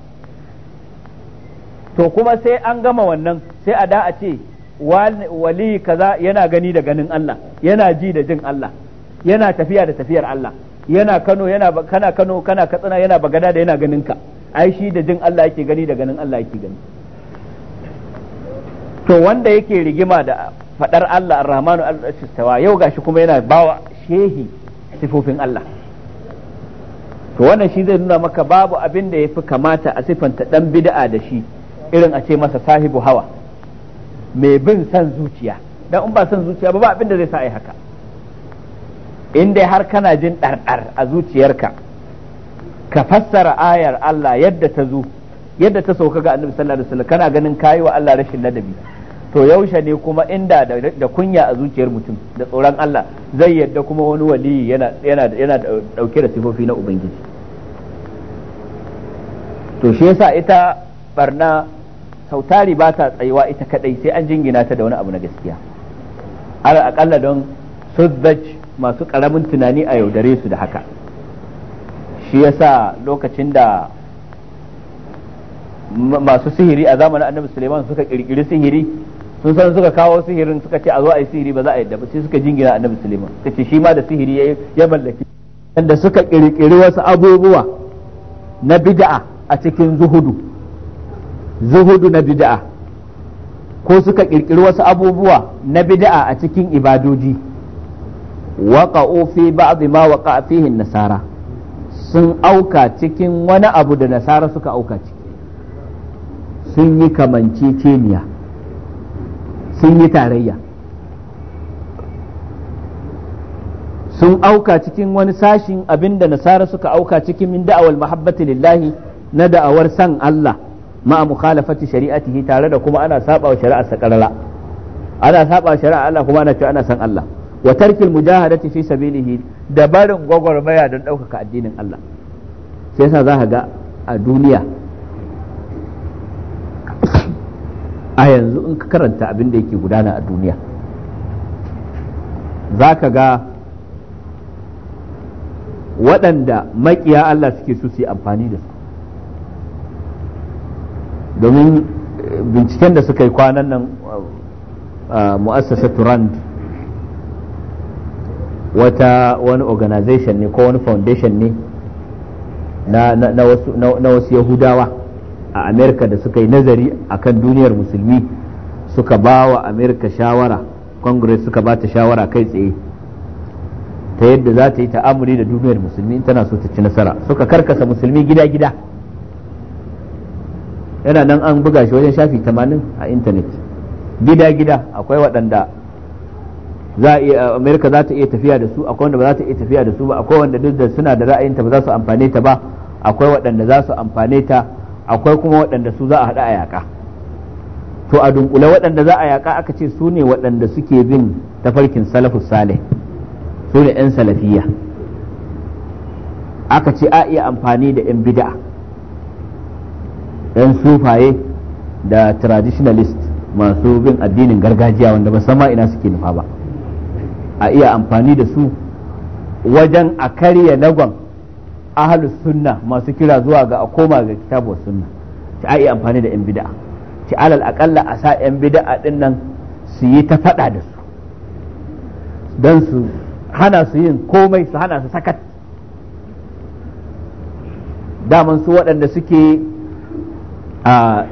S1: to kuma sai an gama wannan sai a da a ce wali kaza yana gani da ganin Allah yana ji da jin Allah yana tafiya da tafiyar Allah yana Kano yana kana Kano kana Katsina yana bagada da yana ganin ka ai shi da jin Allah yake gani da ganin Allah yake gani to wanda yake rigima da fadar Allah Ar-Rahmanu al-Istawa yau gashi kuma yana bawa shehi sifofin Allah to wannan shi zai nuna maka babu abin da yafi kamata a sifanta dan bid'a da shi irin a ce masa sahibu hawa mai bin san zuciya dan in ba san zuciya ba ba abin da zai sa ai haka in dai har kana jin ɗarɗar a zuciyarka ka fassara ayar Allah yadda ta zo yadda ta sauka ga annabi sallallahu alaihi wasallam kana ganin kayi wa Allah rashin ladabi to yaushe ne kuma inda da kunya a zuciyar mutum da tsoron Allah zai yadda kuma wani wali yana yana yana dauke da sifofi na ubangiji to shi yasa ita barna sautari ba ta tsayuwa ita kadai sai an jingina ta da wani abu na gaskiya ala aqalla don suzzaj masu karamin tunani a yaudare su da haka shi yasa lokacin da masu sihiri a zamanin annabi suleiman suka kirkiri sihiri sun san suka kawo sihirin suka ce a zo a yi sihiri ba za a yadda ba sai suka jingina annabi suleiman suka ce shi ma da sihiri ya mallaki wanda suka kirkiri wasu abubuwa na bid'a a cikin zuhudu zuhudu na bid'a ko suka kirkiri wasu abubuwa na bid'a a cikin ibadoji waqa'u fi ba'd ma waqa'a fihi nasara sun auka cikin wani abu da nasara suka auka ciki sun yi kamanceceniya sun yi tarayya sun auka cikin wani sashin abin da nasara suka auka cikin min da'awar mahabbati lillahi na da'awar san Allah ma'a mukhalafati shari'atihi tare da kuma ana saba wa shari'ar sakarara ana saba shari'a Allah kuma ana cewa ana san Allah wa tarkil mujahadati fi sabilihi da barin gwagwarmaya don ɗaukaka addinin Allah sai yasa za ka ga a duniya a yanzu in ka karanta abin da yake gudana a duniya za ka ga waɗanda maƙiya Allah suke so su yi amfani da su domin eh, binciken da suka yi kwanan nan uh, uh, mu'assasa turand wata wani organization ne ko wani foundation ne na, na, wasu, na, wasu yahudawa a amerika da suka yi nazari kan duniyar musulmi suka ba wa amerika shawara congress suka ba ta shawara kai tsaye ta yadda za ta yi ta'amuri da duniyar musulmi tana so ta ci nasara suka karkasa musulmi gida-gida yana nan an buga shi wajen shafi 80 a intanet gida-gida akwai waɗanda za a iya amerika za ta iya tafiya da su akwai wanda ba za ta iya tafiya da su ba akwai wanda duk da suna da ra'ayin ta ba za su amfane ta ba akwai waɗanda za su amfane ta akwai kuma waɗanda su za a haɗa a yaƙa to a dunkule waɗanda za a yaƙa aka ce su ne waɗanda suke bin tafarkin salafus salih su ne 'yan salafiyya aka ce a iya amfani da 'yan bida 'yan sufaye da traditionalist masu bin addinin gargajiya wanda ba sama ina suke nufa ba a iya amfani da su wajen a karya lagon ahalus sunna masu kira zuwa ga a koma ga kitabu sunna ci a iya amfani da yan bida'a ci alal akalla a sa yan bida'a din nan su yi ta faɗa da su don su hana su yin komai su hana su sakat daman su waɗanda suke a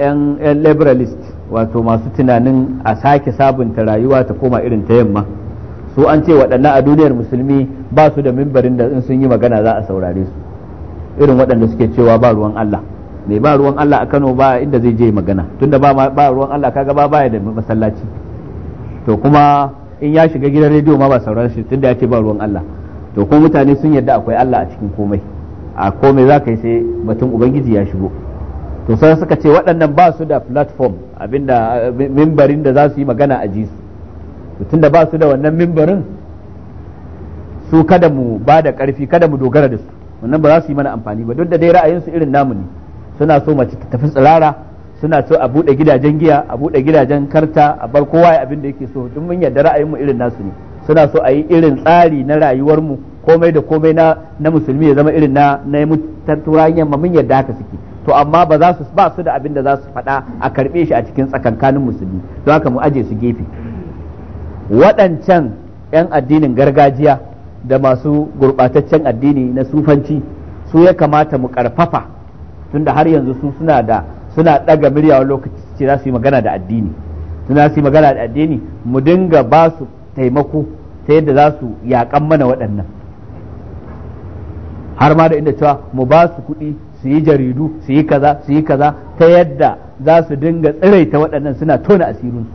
S1: yan liberalist wato masu tunanin a sake sabunta rayuwa ta koma irin ta yamma su an ce waɗannan a duniyar musulmi ba su da mimbarin da sun yi magana za a saurare su irin waɗanda suke cewa ba ruwan Allah mai ba ruwan Allah a Kano ba inda zai je magana tunda ba ba ruwan Allah kaga ba baya da masallaci to kuma in ya shiga gidan rediyo ma ba saurare shi tunda ya ce ba ruwan Allah to kuma mutane sun yarda akwai Allah a cikin komai a komai za ka yi sai batun ubangiji ya shigo to sai suka ce waɗannan ba su da platform abinda mimbarin da za su yi magana a ji su tunda ba su da wannan mimbarin su kada mu ba da ƙarfi kada mu dogara da su wannan ba za su yi mana amfani ba duk da dai ra'ayinsu irin namu ne suna so mace ta tafi tsirara suna so a buɗe gidajen giya a buɗe gidajen karta a bar kowa ya abin da yake so duk mun yarda ra'ayinmu irin nasu ne suna so a yi irin tsari na rayuwarmu komai da komai na musulmi ya zama irin na na turan yamma mun yarda haka suke to amma ba za su ba su da abin da za su faɗa a karɓe shi a cikin tsakankanin musulmi don haka mu aje su gefe waɗancan 'yan addinin gargajiya da masu gurɓataccen addini na sufanci su ya kamata mu ƙarfafa tunda har yanzu su suna da suna ɗaga miryawar lokaci ce za su yi magana da addini suna su yi magana da addini mu dinga ba su taimako ta yadda za su yaƙan mana waɗannan har ma da inda cewa mu ba su kuɗi su yi jaridu su yi kaza su yi kaza ta yadda za su dinga ta waɗannan suna tona asirin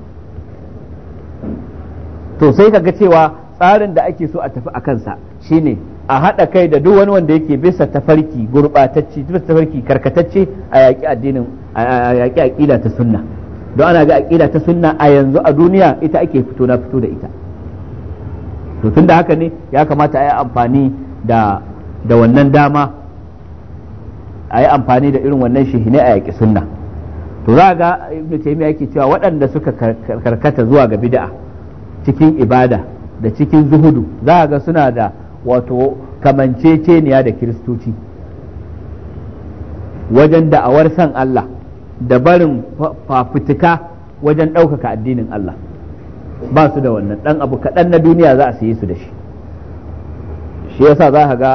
S1: to sai ga cewa tsarin da ake so a tafi a kansa shine a haɗa kai da duk wani wanda yake bisa tafarki gurɓatacce bisa tafarki karkatacce a yaƙi addinin a yaƙi aƙida ta sunna don ana ga aƙida ta sunna a yanzu a duniya ita ake fito na fito da ita to tun da haka ne ya kamata a yi amfani da da wannan dama a yi amfani da irin wannan shihine a yaƙi sunna to za ga ibn taymiya yake cewa waɗanda suka karkata zuwa ga bid'a cikin ibada da cikin zuhudu za ga suna da wato kamanceceniya da kiristoci wajen da'awar san Allah da barin fafutuka wajen ɗaukaka addinin Allah ba su da wannan ɗan abu kaɗan na duniya za a sayi su da shi shi yasa za ka ga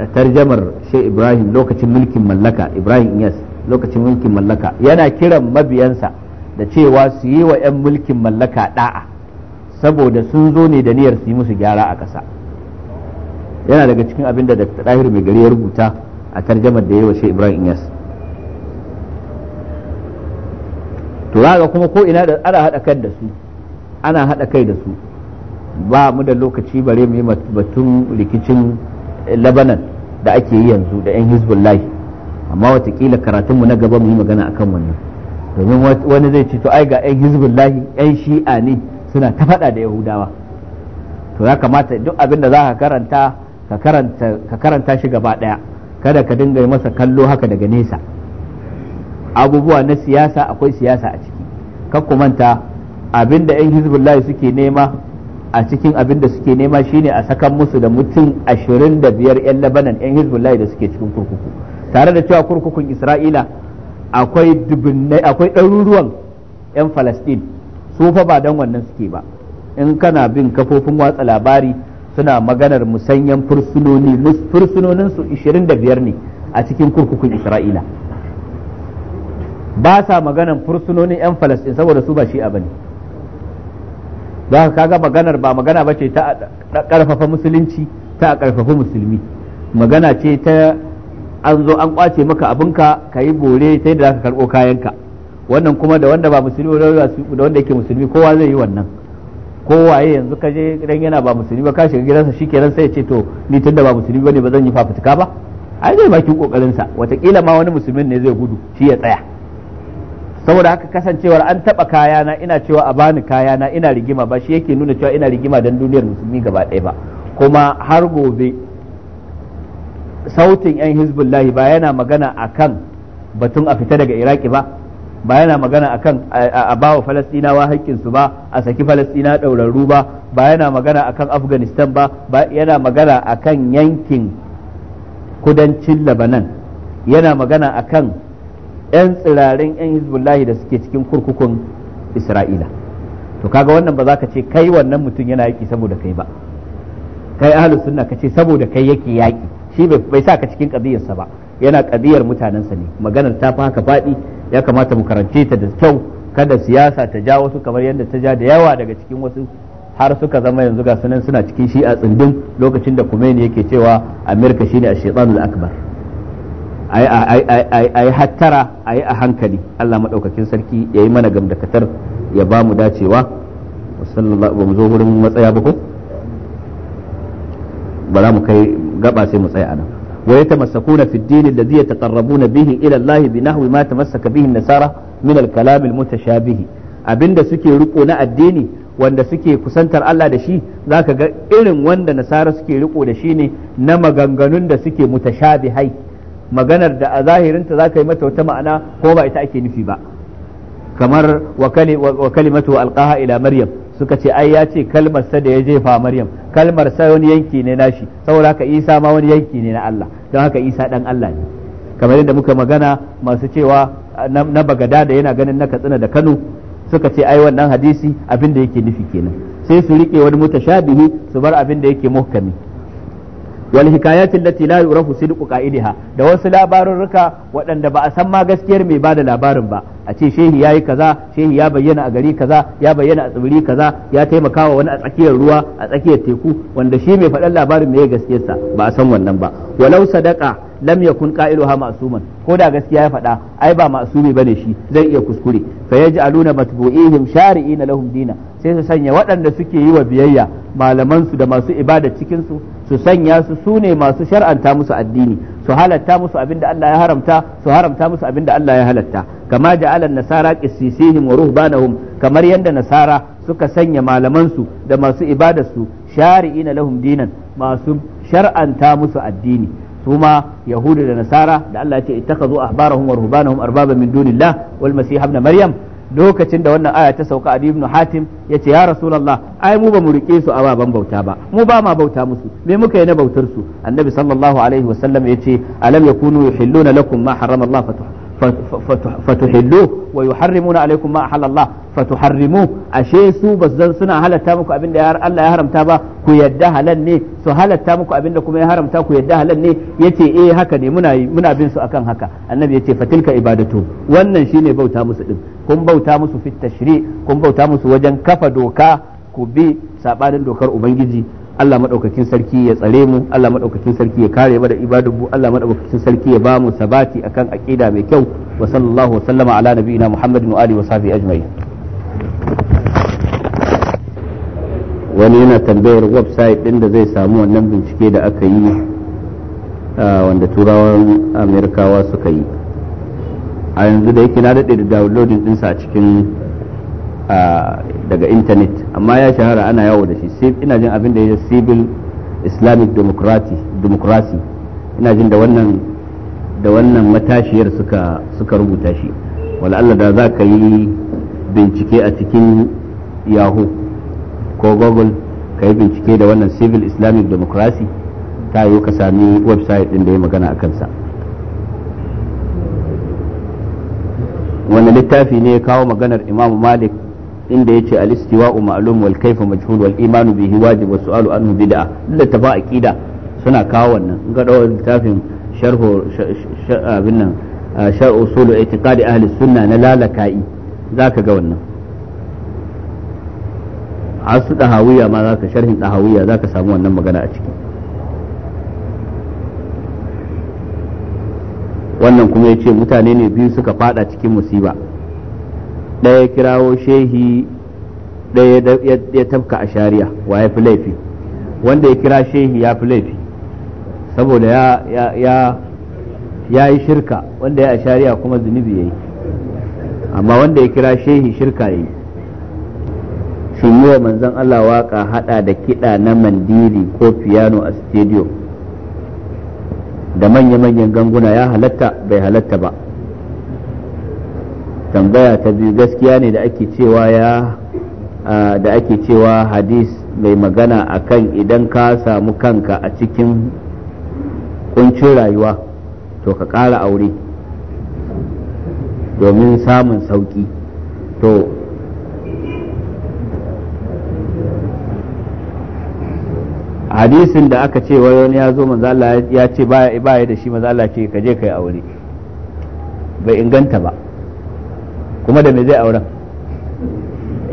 S1: a tarjamar shi ibrahim lokacin mulkin mallaka ibrahim yes lokacin mulkin mallaka yana kiran mabiyansa da cewa su yi wa 'yan mulkin mallaka da'a saboda sun zo ne da niyyar su yi musu gyara a ƙasa yana daga cikin abin da dr ɗahir mai gari ya rubuta a tarjamar da ya yi wa shi ibrahim yes to ga kuma ko ina da ana haɗa kai da su ana haɗa kai da su ba mu da lokaci bare mu yi batun rikicin labanan da ake yi yanzu da 'yan hezbollah amma watakila karatunmu na gaba mu yi magana akan wannan domin wani zai ce to ai ga 'yan hezbollah 'yan shi'a ne suna ta faɗa da yahudawa to ya kamata duk abin da za ka karanta ka karanta shi gaba ɗaya kada ka dinga yi masa kallo haka daga nesa abubuwa na siyasa akwai siyasa a ciki kuma manta abin da 'yan hezbollah suke nema a cikin abin da suke nema shine a sakan musu da mutum ashirin da biyar 'yan labanan 'yan hezbollah da suke cikin kurkuku tare da cewa kurkukun isra'ila akwai dubinnai akwai ɗaruruwan 'yan falastin su fa ba don wannan suke ba in kana bin kafofin watsa labari suna maganar musanyen fursunoni fursunoninsu 25 ne a cikin kurkukun isra'ila ba sa maganar fursunonin 'yan falastin saboda su ba shi a bane za ka kaga maganar ba magana ba ce ta karfafa musulunci ta karfafa musulmi magana ce ta an zo an kwace maka abinka ka yi bore ta yadda za ka karɓo kayanka wannan kuma da wanda ba musulmi da wanda yake musulmi kowa zai yi wannan kowaye yanzu ka je dan yana ba musulmi ba ka shiga gidansa shikenan sai ya ce to ni tunda ba musulmi bane ba zan yi fafutuka ba ai zai bakin kokarin sa watakila ma wani musulmin ne zai gudu shi ya tsaya saboda haka kasancewar an taɓa kayana ina cewa a bani kayana ina rigima ba shi yake nuna cewa ina rigima don duniyar musulmi gaba ɗaya ba kuma har gobe sautin 'yan hizbullahi ba yana magana akan batun a fita daga iraki ba ba yana magana akan a bawa falastinawa haƙƙinsu ba a saki falastina ɗaurarru ba ba yana magana akan afghanistan ba ba yana magana akan yankin kudancin labanan yana magana akan 'yan tsirarin 'yan hizbullahi da suke cikin kurkukun isra'ila to kaga wannan ba za ka ce kai wannan mutum yana yaki saboda kai ba kai ahlus sunna ka ce saboda kai yake yaki shi bai sa ka cikin kadiyarsa ba yana kadiyar mutanensa ne maganar ta fi haka faɗi ya kamata mu karance ta da kyau kada siyasa ta ja wasu kamar yadda ta ja da yawa daga cikin wasu har suka zama yanzu ga sunan suna cikin shi a tsindin lokacin da kumeni yake cewa shi ne a shaitanul akbar a yi hattara a yi a hankali Allah maɗaukakin sarki ya yi mana gamdakatar ya ba mu dacewa ba mu zo wurin matsaya ba ko bara mu kai gaba sai mu tsaya nan Wayata yatamassakuna fi ad-din alladhi yataqarrabuna bihi ila Allah bi nahwi ma tamassaka nasara min al-kalam abinda suke riko na addini wanda suke kusantar Allah da shi zaka ga irin wanda nasara suke riko da shi ne na maganganun da suke mutashabihai maganar da a zahirinta za ka yi mata wata ma'ana ko ba ita ake nufi ba kamar wa kalimatu alqaha ila maryam suka ce ai ya ce kalmar sa da ya jefa maryam kalmar sa wani yanki ne nashi saboda haka isa ma wani yanki ne na Allah don haka isa dan Allah ne kamar yadda muka magana masu cewa na bagada da yana ganin na katsina da kano suka ce ai wannan hadisi abin da yake nufi kenan sai su rike wani mutashabihi su bar abin da yake muhkami wal hikayati allati la yurafu sidqu qa'idiha da wasu labarurruka waɗanda ba a san ma gaskiyar mai bada labarin ba a ce shehi yayi kaza shehi ya bayyana a gari kaza ya bayyana a tsibiri kaza ya taimakawa wani a tsakiyar ruwa a tsakiyar teku wanda shi mai faɗan labarin mai gaskiyarsa ba a san wannan ba walau sadaqa lam yakun qailuha ma'suman ko da gaskiya ya faɗa ai ba ma'sumi bane shi zai iya kuskure fa yaj'aluna matbu'ihim shari'ina lahum dina sai su sanya waɗanda suke yi wa biyayya malaman su da masu ibada cikin su su sanya su sune masu shar'anta musu addini su halatta musu abinda Allah ya haramta su haramta musu abinda Allah ya halatta kama ja'alan nasara qissisihim wa ruhbanahum kamar yadda nasara suka sanya malaman su da masu ibada su shari'ina lahum dinan masu shar'anta musu addini su ma yahudu da nasara da Allah ya ce ittakhadhu ahbarahum wa ruhbanahum arbaba min dunillah wal masih ibn maryam lokacin da wannan aya ta sauka a ibn hatim ya ce ya rasulallah ai mu ba mu rike su ababen bauta ba mu ba ma bauta musu me muka yi na bautar su annabi sallallahu alaihi wasallam ya ce alam yakunu yuhilluna lakum ma harrama Allah fatuh fatuhillu wa yuharrimuna alaikum ma halallah fatuharrimu ashe su bazan suna halatta muku abin da Allah ya haramta ba ku yadda halal ne su halatta muku abin da kuma ya haramta ku yadda halal ne yace eh haka ne muna muna bin su akan haka annabi yace fatilka ibadatu wannan shine bauta musu din kun bauta musu fit tashri kun bauta musu wajen kafa doka ku bi sabanin dokar ubangiji Allah madaukakin sarki ya tsare mu Allah madaukakin sarki ya kare mu da mu Allah madaukakin sarki ya ba mu sabati akan aqida mai kyau wa sallallahu wa sallama ala nabiyina Muhammadin wa alihi wa sahbihi ajma'in wani yana tambayar website din da zai samu wannan bincike da aka yi wanda turawan amerikawa suka yi a yanzu da yake na daɗe da downloading ɗinsa a cikin daga intanet amma ya shahara ana yawo da shi ina jin abin da ya civil islamic democracy ina jin da wannan da wannan matashiyar suka suka rubuta shi allah da za ka yi bincike a cikin yahoo ko google ka yi bincike da wannan civil islamic democracy ta yiwu ka sami website ɗin da ya magana a kansa wani littafi ne ya kawo maganar imamu malik inda yace al-istiwa'u ma'lum wal kayfu majhul wal imanu bihi wajib wa su'alu anhu bid'a illa da ba aqida suna kawo wannan in ga dawo littafin sharhu abin nan shar usul i'tiqadi ahli sunna na lalaka'i zaka ga wannan asu dahawiya ma zaka sharhin dahawiya zaka samu wannan magana a ciki wannan kuma yace mutane ne biyu suka fada cikin musiba ɗaya kirawo shehi ɗaya ya tafka a shari'a wa ya fi laifi wanda ya kira shehi ya fi laifi saboda ya yi shirka wanda ya a shari'a kuma zunubi ya yi amma wanda ya kira shehi shirka ya yi shi yi wa manzan Allah waka hada da kiɗa na mandiri ko fiyano a stadium da manya-manyan ganguna ya halatta bai halatta ba tambaya ta biyu gaskiya ne da ake cewa ya da ake cewa hadis mai magana a kan idan ka samu kanka a cikin kuncin rayuwa to ka ƙara aure domin samun sauƙi to hadisin da aka ce wani ya zo manzala ya ce ba ya da shi manzala ce ka je kai aure bai inganta ba kuma da me zai auren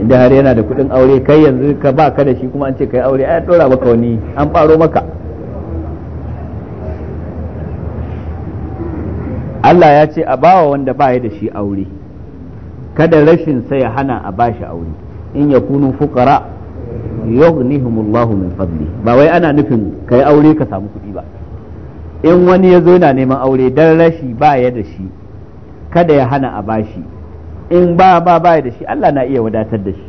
S1: inda har yana da kuɗin aure kai yanzu ka ba ka da shi kuma an ce kai aure ai ɗora maka wani an ɓaro maka Allah ya ce a bawa wanda ya da shi aure kada rashin sai ya hana a ba shi aure in ya kunu fuqara yughnihumullahu min fadli ba wai ana nufin kai aure ka samu kuɗi ba in wani ya zo yana neman aure dan rashi ba ya da shi kada ya hana a bashi in ba ba ba da shi Allah na iya wadatar da shi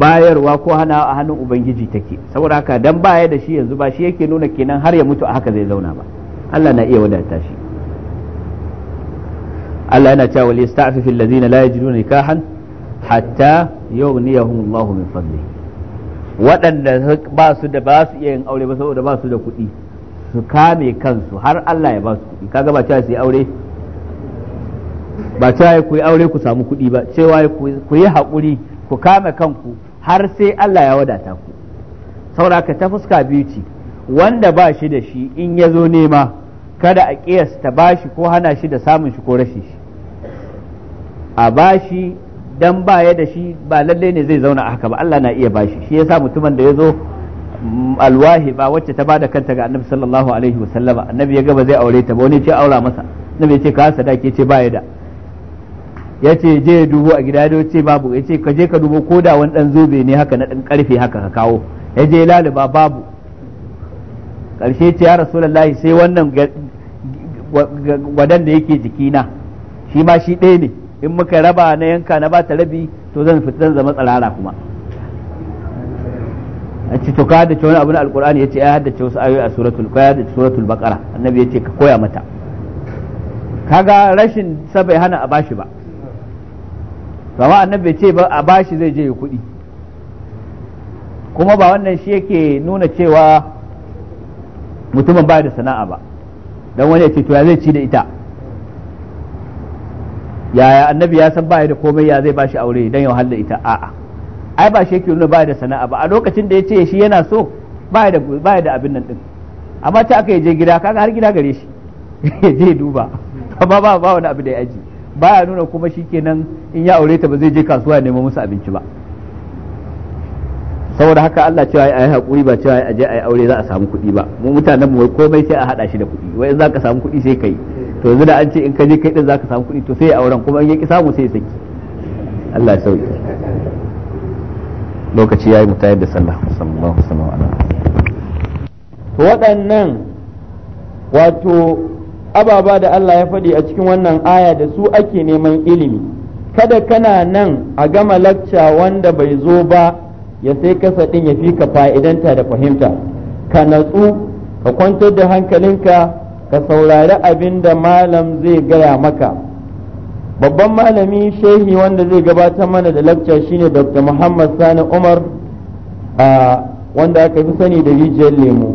S1: bayarwa ko hana a hannun ubangiji take saboda haka dan baya da shi yanzu ba shi yake nuna kenan har ya mutu a haka zai zauna ba Allah na iya wadata shi Allah yana cewa wal yasta'fifu allazina la yajiduna nikahan hatta yughniyahum Allahu min fadli waɗanda ba su da ba su iya yin aure ba saboda ba su da kuɗi su kame kansu har Allah ya ba su kuɗi kaga ba cewa su yi aure ba cewa ya ku yi aure ku samu kuɗi ba cewa ku yi haƙuri ku kame kanku har sai Allah ya wadata ku saura sauraka ta fuska biyu ce wanda ba shi da shi in ya zo nema kada a ƙiyasta ba shi ko hana shi da samun shi ko rashin shi a ba shi dan ba ya da shi ba lallai ne zai zauna a haka ba Allah na iya ba shi shi sa mutumin da ya zo mm, alwahi ba wacce ta ba da kanta ga annabi sallallahu alaihi wasallama annabi ya ga ba zai aure ta ba wani ce aura masa annabi ya ce ka sadaki ce ba ya da ya ce je ya dubo a gida ya ce babu ya ce ka je ka dubo ko da wani dan zobe ne haka na dan karfe haka ka kawo ya je laliba babu karshe ce ya rasulullahi sai wannan wadanda yake jikina shi ma shi ɗaya ne in muka raba na yanka na bata rabi to zan fita zan zama tsirara kuma a ci to ka haddace wani abu na alkur'ani ya ce ya haddace wasu ayoyi a suratul ko ya haddace suratul baqara annabi ya ce ka koya mata kaga rashin sabai hana a bashi ba kama annabi bai ce ba a bashi zai je ya kuɗi kuma ba wannan shi yake nuna cewa mutumin ba da sana'a ba don wani ya ce to ya zai ci da ita yaya annabi ya san baya da komai ya zai bashi aure don yau halda ita a'a ai ba shi yake nuna baya da sana'a ba a lokacin da ya ce shi yana so baya da baya da abin nan din amma ta aka je gida kaga har gida gare shi (laughs) je duba amma ba ba wani abu da ya aji baya nuna kuma shikenan in ya aure ta ba zai je kasuwa neman musu abinci ba saboda haka Allah cewa ai hakuri ba cewa a aje ai aure za a samu kuɗi ba mu mutanen mu komai sai a hada shi da kuɗi wai in zaka samu kuɗi sai kai to yanzu da an ce in ka je kai din zaka samu kuɗi to sai ya auren kuma in ya ki samu sai ya saki Allah ya sauke lokaci yayi mu tayar da sallah sallallahu alaihi wasallam
S4: waɗannan wato ababa da Allah ya faɗi a cikin wannan aya da su ake neman ilimi kada kana nan a gama lakca wanda bai zo ba ya sai kasa ɗin ya fi ka fa'idanta da fahimta ka natsu ka kwantar da hankalinka ka saurari abin da malam zai gaya maka babban malami shehi wanda zai gabatar mana da lakca shine dr muhammad sani umar wanda aka fi sani da rijiyar lemu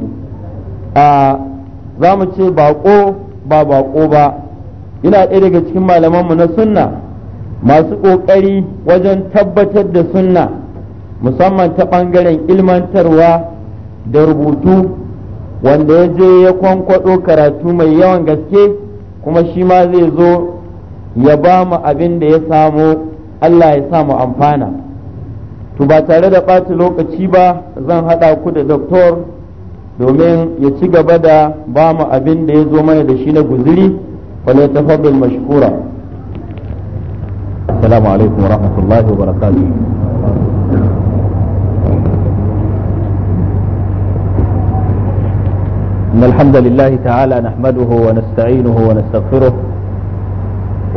S4: za mu ce bako ba bako ba ina ɗaya daga cikin malamanmu na sunna masu ƙoƙari wajen tabbatar da sunna musamman ta ɓangaren ilmantarwa da rubutu wanda ya je ya kwankwaɗo karatu mai yawan gaske kuma shi ma zai zo ya ba mu abin da ya samu allah ya samu amfana to ba tare da ɓata lokaci ba zan haɗa ku da doktor domin ya ci gaba da ba mu abin da ya zo mana da shi na guziri wale tafaddal mashkura
S1: assalamu alaikum wa rahmatullahi wa barakatuh إن الحمد لله تعالى نحمده ونستعينه ونستغفره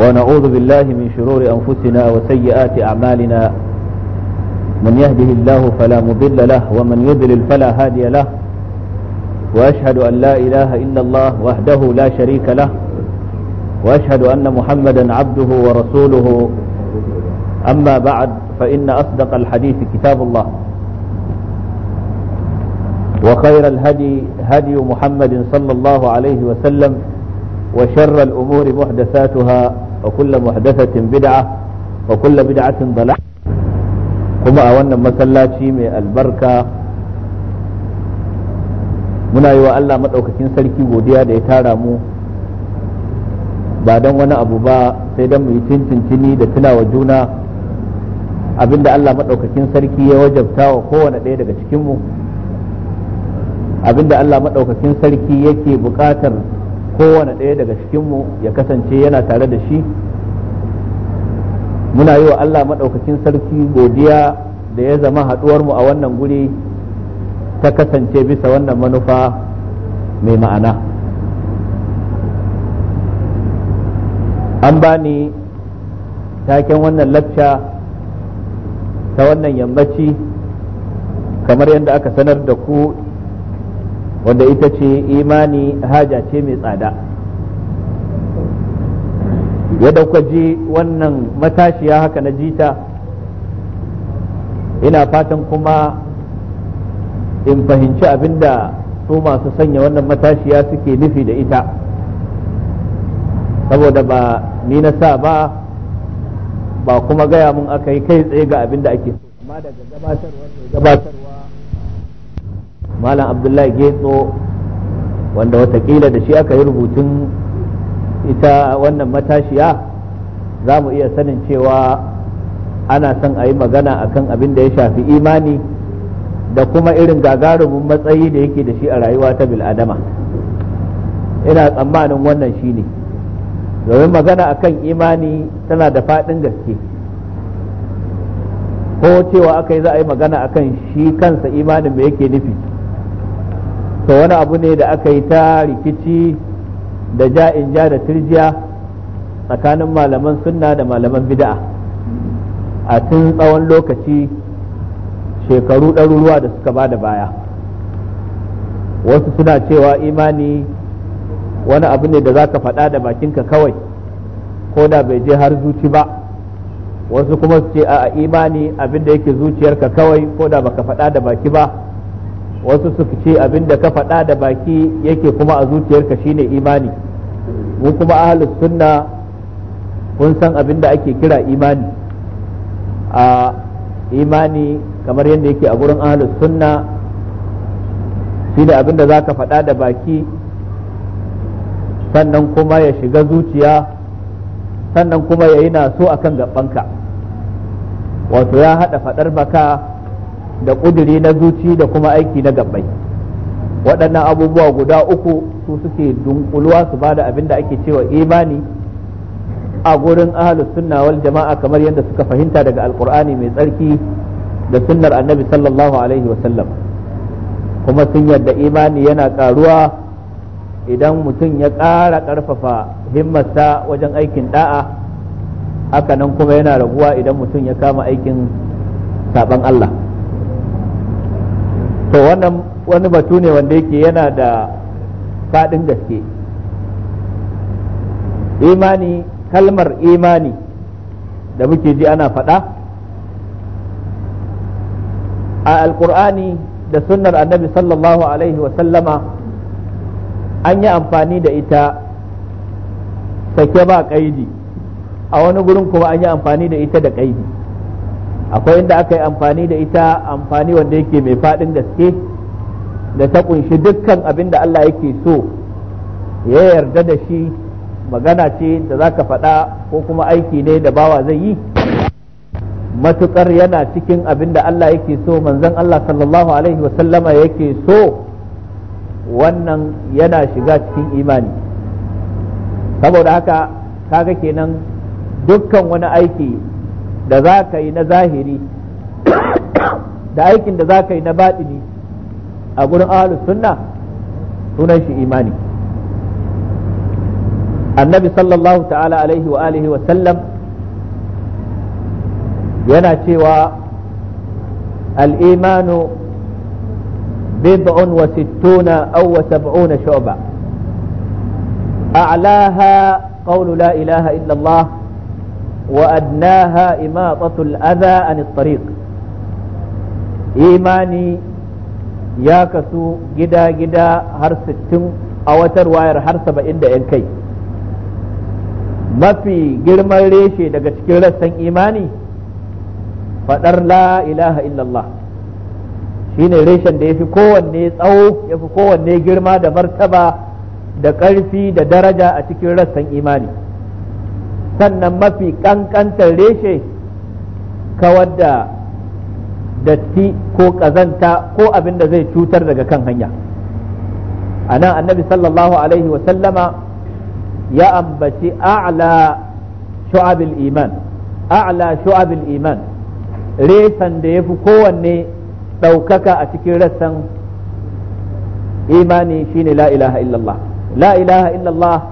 S1: ونعوذ بالله من شرور أنفسنا وسيئات أعمالنا من يهده الله فلا مضل له ومن يضلل فلا هادي له واشهد ان لا اله الا الله وحده لا شريك له واشهد ان محمدا عبده ورسوله اما بعد فان اصدق الحديث كتاب الله وخير الهدي هدي محمد صلى الله عليه وسلم وشر الامور محدثاتها وكل محدثه بدعه وكل بدعه ضلاله kuma a wannan masallaci mai albarka muna yi wa Allah maɗaukakin sarki godiya da ya tara mu ba don wani abu ba sai don mu yi cincincini da tunawa juna abinda Allah maɗaukakin sarki ya wajabta wa kowane ɗaya daga cikinmu abinda Allah maɗaukakin sarki yake buƙatar kowane ɗaya daga cikinmu ya kasance yana tare da shi muna yi wa Allah maɗaukakin sarki godiya da ya zama haɗuwar mu a wannan guri ta kasance bisa wannan manufa mai ma'ana an bani taken wannan lacca ta wannan yammaci kamar yadda aka sanar da ku wanda ita ce imani haja ce mai tsada yadda kuka ji wannan matashiya haka na jita ina fatan kuma in fahimci abinda su masu sanya wannan matashiya suke nufi da ita saboda ba ni na sa ba ba kuma gaya mun aka yi kai tsaye ga abinda ake so
S3: amma daga gabatarwa ne
S1: gabatarwa malam abdullahi getso wanda watakila da shi aka yi rubutun ita wannan matashiya za mu iya sanin cewa ana son a yi magana akan abin da ya shafi imani da kuma irin gagarumin matsayi da yake da shi a rayuwa ta bil'adama ina tsammanin wannan shi ne. domin magana a kan imani tana da faɗin gaske ko cewa aka yi za a yi magana a kan shi kansa imanin mai yake nufi to wani abu ne da aka yi ta rikici da ja'in ja da turjiya tsakanin malaman sunna da malaman bida'a a tun tsawon lokaci shekaru ɗaruruwa da suka ba da baya wasu suna cewa imani wani abu ne da za ka faɗa da bakinka kawai ko da bai je har zuci ba wasu kuma su ce a imani abin da yake zuciyarka kawai ko da baka faɗa da baki ba wasu su ce abin da ka faɗa da baki yake kuma a zuciyarka shine imani mu kuma ahalus sunna kun san abin da ake kira imani a imani kamar yadda yake a gurin ahlus sunna shi da abinda zaka za ka faɗa da baki sannan kuma ya shiga zuciya sannan kuma ya yi naso akan kan gabanka wato ya haɗa faɗar baka da ƙuduri na zuci da kuma aiki na gabai waɗannan abubuwa guda uku su suke dunkuluwa su ba da abinda ake cewa imani a gurin ahalus sunna wal jama'a kamar yadda suka fahimta daga alkur'ani mai tsarki da sunnar annabi sallallahu alaihi wasallam kuma sun yadda imani yana karuwa idan mutum ya ƙara ƙarfafa himmarsa wajen aikin da'a hakanan kuma yana raguwa idan mutum ya kama aikin saban Allah to wannan wani batu ne wanda yake yana da faɗin gaske imani kalmar imani da muke ji ana faɗa a alkur'ani da sunnar annabi sallallahu alaihi sallama an yi amfani da ita sake ba kaidi a wani gurin kuma an yi amfani da ita da kaidi akwai inda aka yi amfani da ita amfani wanda yake mai faɗin gaske da ta kunshi dukkan abin da Allah yake so ya yarda da shi magana ce da za ka faɗa ko kuma aiki ne da bawa zai yi Matuƙar yana cikin abin da Allah yake so manzon Allah sallallahu alaihi wasallama yake so wannan yana shiga cikin imani saboda haka kaga kenan dukkan wani aiki da za ka yi na zahiri (coughs) da aikin da za ka yi na baɗini a gurin ahalus sunna sunan shi imani annabi sallallahu ta'ala alaihi wa alihi wa sallam yana cewa al'imanu bid'un wa sittuna aw wa sab'una shu'ba a'laha qawlu la ilaha illa Allah wa adnaha imatatu al-adha an at-tariq imani ya kasu gida-gida har 60 a watar wayar har 70 da kai mafi girman reshe daga cikin rassan imani Faɗar la ilaha illallah shine reshen da ya fi kowanne tsawo yafi kowanne girma da martaba da ƙarfi da daraja a cikin rassan imani sannan mafi ƙanƙantar reshe kawar da datti ko ƙazanta ko abin da zai cutar daga kan hanya a nan annabi sallallahu alaihi wasallama ya ambaci a'la shu'abil iman a'la shu'abil iman reshen da ya fi kowanne ɗaukaka a cikin rassan imani shine la ilaha illallah la ilaha illallah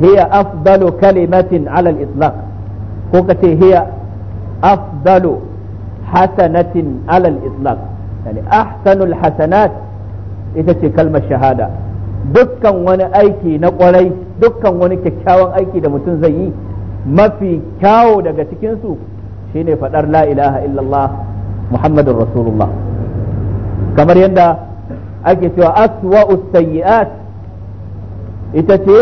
S1: hiya afdalu kalimatin ala al-itlaq ko ka ce hiya afdalu hasanatin ala al-itlaq yani hasanat ita ce kalmar shahada dukkan wani aiki na kwarai dukkan wani kyakkyawan aiki da mutum zai yi mafi kyawo daga cikinsu shine fadar la ilaha illallah muhammadur rasulullah kamar yadda ake cewa aswa'us sayyi'at ita ce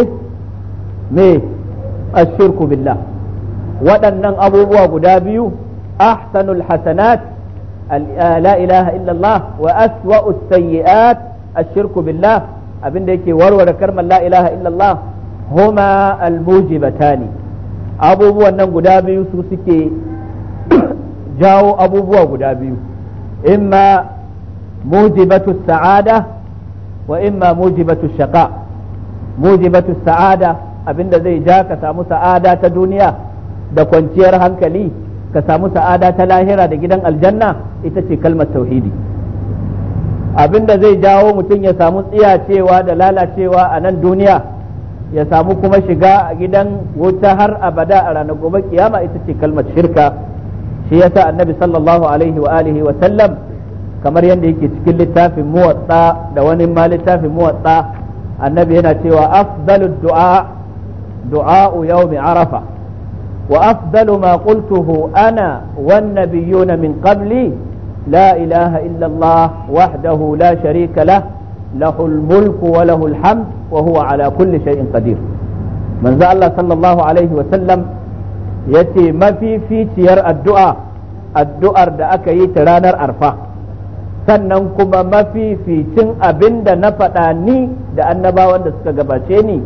S1: me ashirku billah waɗannan abubuwa guda biyu ahsanul hasanat la ilaha illallah wa aswa'us sayyi'at ashirku billah abinda yake warware karmar la ilaha illallah huma almujibatani abubuwan nan guda biyu su suke jawo abubuwa guda biyu imma mujibatu sa'ada wa imma mujibatu shaqa mujibatu sa'ada abinda zai ja ka samu sa'ada ta duniya da kwanciyar hankali ka samu sa'ada ta lahira da gidan aljanna ita ce kalmar tauhidi abinda zai jawo mutum ya samu tsiyacewa da lalacewa a nan duniya ya samu kuma shiga a gidan wuta har abada a ranar gobe kiyama ita ce kalmar shirka shi yasa annabi sallallahu alaihi wa alihi wa sallam kamar yadda yake cikin littafin muwatta da wani ma littafin muwatta annabi yana cewa afdalu du'a du'a yawmi arafa wa afdalu ma qultuhu ana wan nabiyyuna min qabli la ilaha illa allah wahdahu la sharika lah له الملك وله الحمد وهو على كل شيء قدير من ذا الله صلى الله عليه وسلم yace mafificiyar addu'a addu'ar da aka yi ta ranar arfa sannan kuma mafificin abin da na faɗa ni da annabawan da suka gabace ni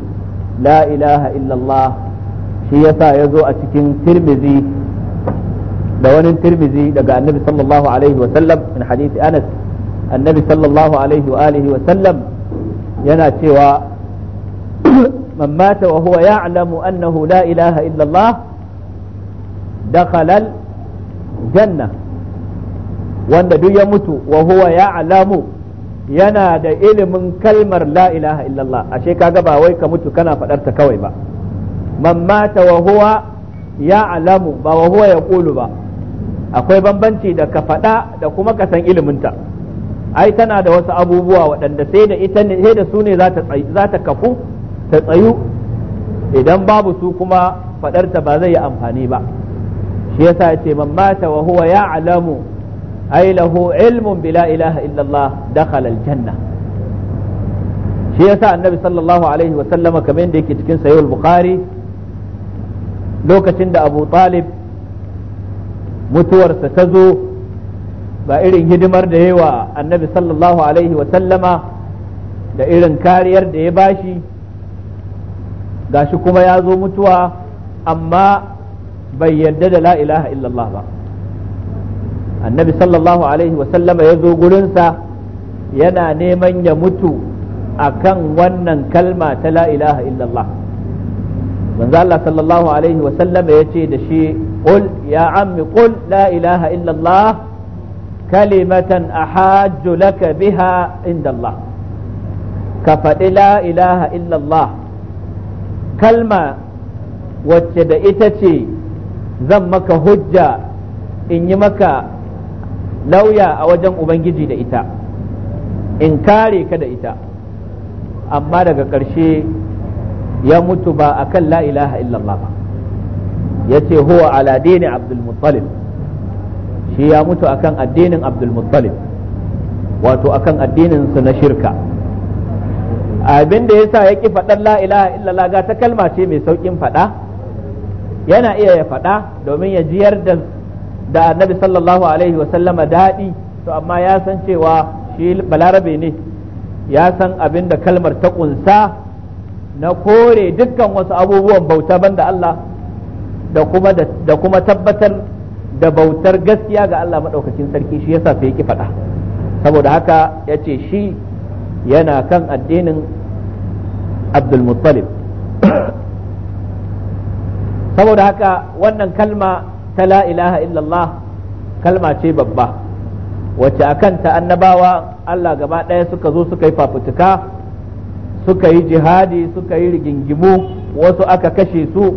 S1: la ilaha illallah shi yasa ya zo a cikin tirmizi da wani tirmizi daga annabi sallallahu alaihi wa in hadisi anas annabi sallallahu alaihi wa alihi wa yana cewa man mata wa huwa ya'lamu annahu la ilaha illallah dakhalal janna wanda duk ya mutu wa huwa alamu yana da ilimin kalmar la ilaha illallah ashe kaga ba wai ka mutu kana fadar ta kawai ba man mata wa huwa ya'lamu ba wa huwa kulu ba akwai bambanci da ka fada da kuma ka san ilimin ai tana da wasu abubuwa waɗanda sai da ita ne sai da su ne za ta kafu ta tsayu idan babu su kuma fadarta ba zai yi amfani ba shi yasa ce man mata wa huwa ya'lamu ay lahu ilmun bila ilaha illallah dakhala janna shi yasa annabi sallallahu alaihi wa sallama kamar da yake cikin sahih bukhari lokacin da Abu Talib mutuwarsa ta zo ba irin hidimar da yawa annabi sallallahu alaihi wa sallama da irin kariyar da ya bashi gashi kuma ya zo mutuwa amma bai yarda da la ilaha illallah ba annabi sallallahu alaihi wasallama ya zo gurinsa yana neman ya mutu akan wannan kalma ta la ilaha illallah manzo Allah sallallahu alaihi wasallama ya ce da shi qul ya ammi qul la ilaha illallah kalimatan ahajju laka biha inda Allah ka faɗi la ilaha illallah kalma wacce da ita ce zan maka hujja in yi maka lauya a wajen ubangiji da ita in kare ka da ita amma daga ƙarshe ya mutu ba a kan la'ilaha illallah ba ya ce huwa ala dini abdulmuttalib shi ya mutu akan addinin abdulmuttalib wato akan addininsu na shirka abin da ya sa ya ƙi faɗar la'ilaha illallah ga ta kalma ce mai sauƙin faɗa yana iya ya faɗa domin ya jiyar da da annabi sallallahu alaihi wa sallama daɗi to amma ya san cewa shi balarabe ne ya san abin da kalmar ta ƙunsa na kore dukkan wasu abubuwan bauta banda Allah da kuma da kuma tabbatar da bautar gaskiya ga Allah maɗaukacin sarki shi yasa sai ki faɗa saboda haka ya ce shi yana kan addinin Abdul saboda haka wannan kalma ta la ilaha illallah kalma ce babba wacce a kanta annabawa Allah gaba ɗaya suka zo suka yi fafutuka suka yi jihadi suka yi rigingimu wasu aka kashe su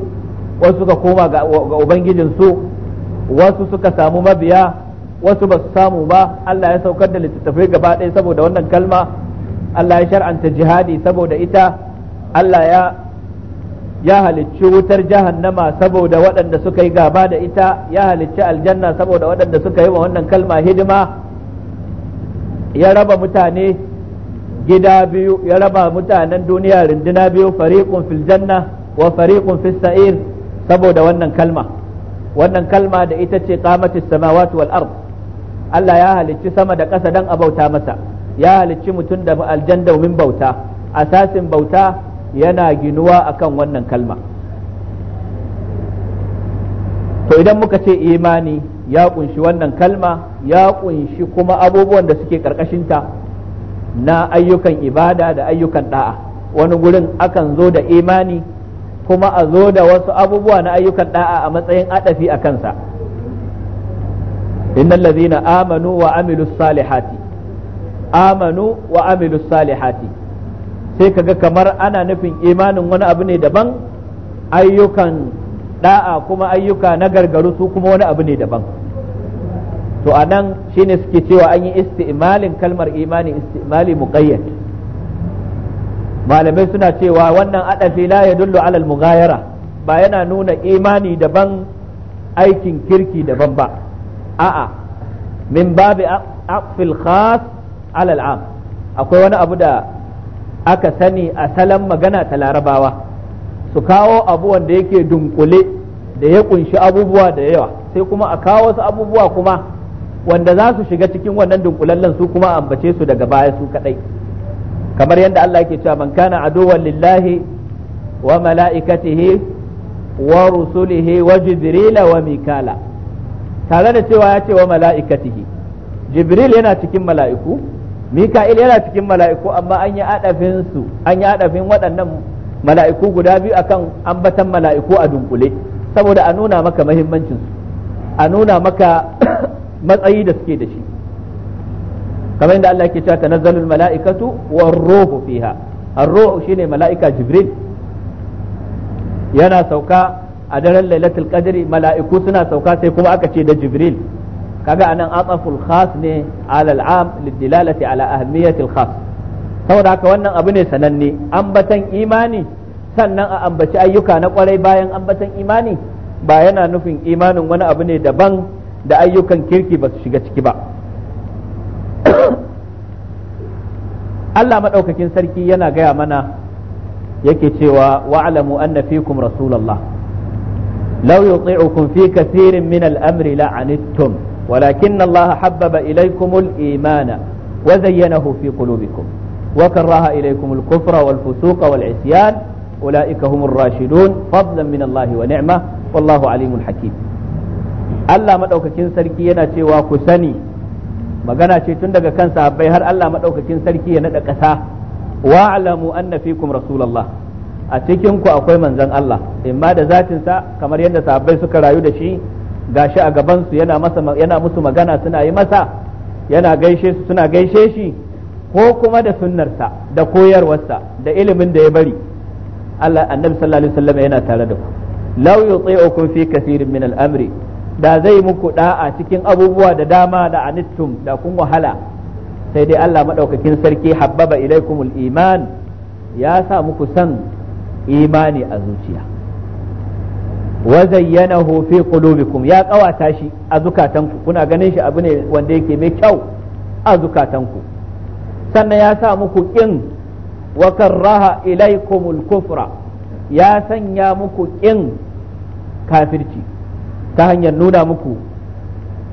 S1: wasu suka koma ga ubangijinsu wasu suka samu mabiya wasu ba su samu ba Allah ya saukar da littattafai gaba ɗaya saboda wannan kalma Allah ya shar'anta jihadi saboda ita Allah ya ya halicci wutar jahannama saboda waɗanda suka yi gaba da ita ya halicci aljanna saboda waɗanda suka yi wa wannan kalma hidima ya raba mutane gida biyu ya raba mutanen duniya rinduna biyu fariqun fil janna wa fariqun fis sa'ir saboda wannan kalma wannan kalma da ita ce qamatis samawati wal ard Allah ya halicci sama da ƙasa dan a bauta masa ya halicci mutum da aljan domin bauta asasin bauta yana ginuwa akan wannan kalma to idan muka ce imani ya kunshi wannan kalma ya kunshi kuma abubuwan da suke karkashinta na ayyukan ibada da ayyukan da'a wani gurin akan zo da imani kuma a zo da wasu abubuwa na ayyukan da'a a matsayin adafi a kansa innal ladhina amanu wa amilus salihati amanu wa amilus salihati sai kaga kamar ana nufin imanin wani abu ne daban ayyukan da'a kuma ayyuka na gargaru su kuma wani abu ne daban to a nan shine suke cewa an yi isti'malin kalmar imani isti'mali muqayyad malamai suna cewa wannan adafi la ya dullu alal mughayara ba yana nuna imani daban aikin kirki daban ba a'a min babi aqfil khas ala am akwai wani abu da aka sani a salon magana ta larabawa su kawo abu wanda yake dunkule da ya kunshi abubuwa da yawa sai kuma a kawo wasu abubuwa kuma wanda za su shiga cikin wannan dunkulallen su kuma ambace su daga baya su kadai kamar yadda Allah yake cewa man kana aduwan lillahi wa mala'ikatihi wa rusulihi wa jibril wa mikala tare da cewa ya ce wa mala'ikatihi jibril yana cikin mala'iku mika'il yana cikin mala'iku amma an yi adafin su an yi adafin waɗannan mala'iku guda biyu akan ambatan mala'iku a dunkule saboda a nuna maka mahimmancin a nuna maka (coughs) matsayi da suke da shi kamar yadda Allah ke cewa tanazzalul mala'ikatu war ruhu fiha ar-ruhu shine mala'ika jibril yana sauka a daren lailatul qadri mala'iku suna sauka sai kuma aka ce da jibril kaga anan ataful khas ne alal am lidilalati ala ahmiyatil khas saboda haka wannan abu ne sananne ambatan imani sannan a ambaci ayyuka na kwarai bayan ambatan imani ba yana nufin imanin wani abu ne daban da ayyukan kirki ba su shiga ciki ba (coughs) Allah madaukakin sarki yana gaya mana yake cewa wa'lamu anna fikum rasulullah law yuti'ukum fi kathirin min al-amri la'anittum ولكن الله حبب إليكم الإيمان وزينه في قلوبكم وكره إليكم الكفر والفسوق والعصيان أولئك هم الراشدون فضلا من الله ونعمة والله عليم حكيم Allah maɗaukakin sarki yana cewa ku sani magana ce tun daga kan sahabbai har Allah maɗaukakin sarki ya naɗa ƙasa wa'lamu anna fikum rasulullah a cikin ku akwai manzon Allah imma da zatin sa kamar yadda sahabbai suka rayu da shi gashi a gabansu yana masa yana musu magana suna yi masa yana gaishe su suna gaishe shi ko kuma da sunnarsa da koyarwarsa da ilimin da ya bari Allah annabi sallallahu alaihi wasallam yana tare da ku law yuti'ukum fi kathirin min al-amri da zai muku da'a cikin abubuwa da dama da anittum da kun wahala sai dai Allah madaukakin sarki habbaba ilaikumul iman ya sa muku san imani a zuciya wa zayyanahu fi qulubikum ya kawata shi a zukatanku kuna ganin shi abu ne wanda yake mai kyau a zukatanku sannan ya sa muku kin wa karraha ilaikumul kufra ya sanya muku kin kafirci ta hanyar nuna muku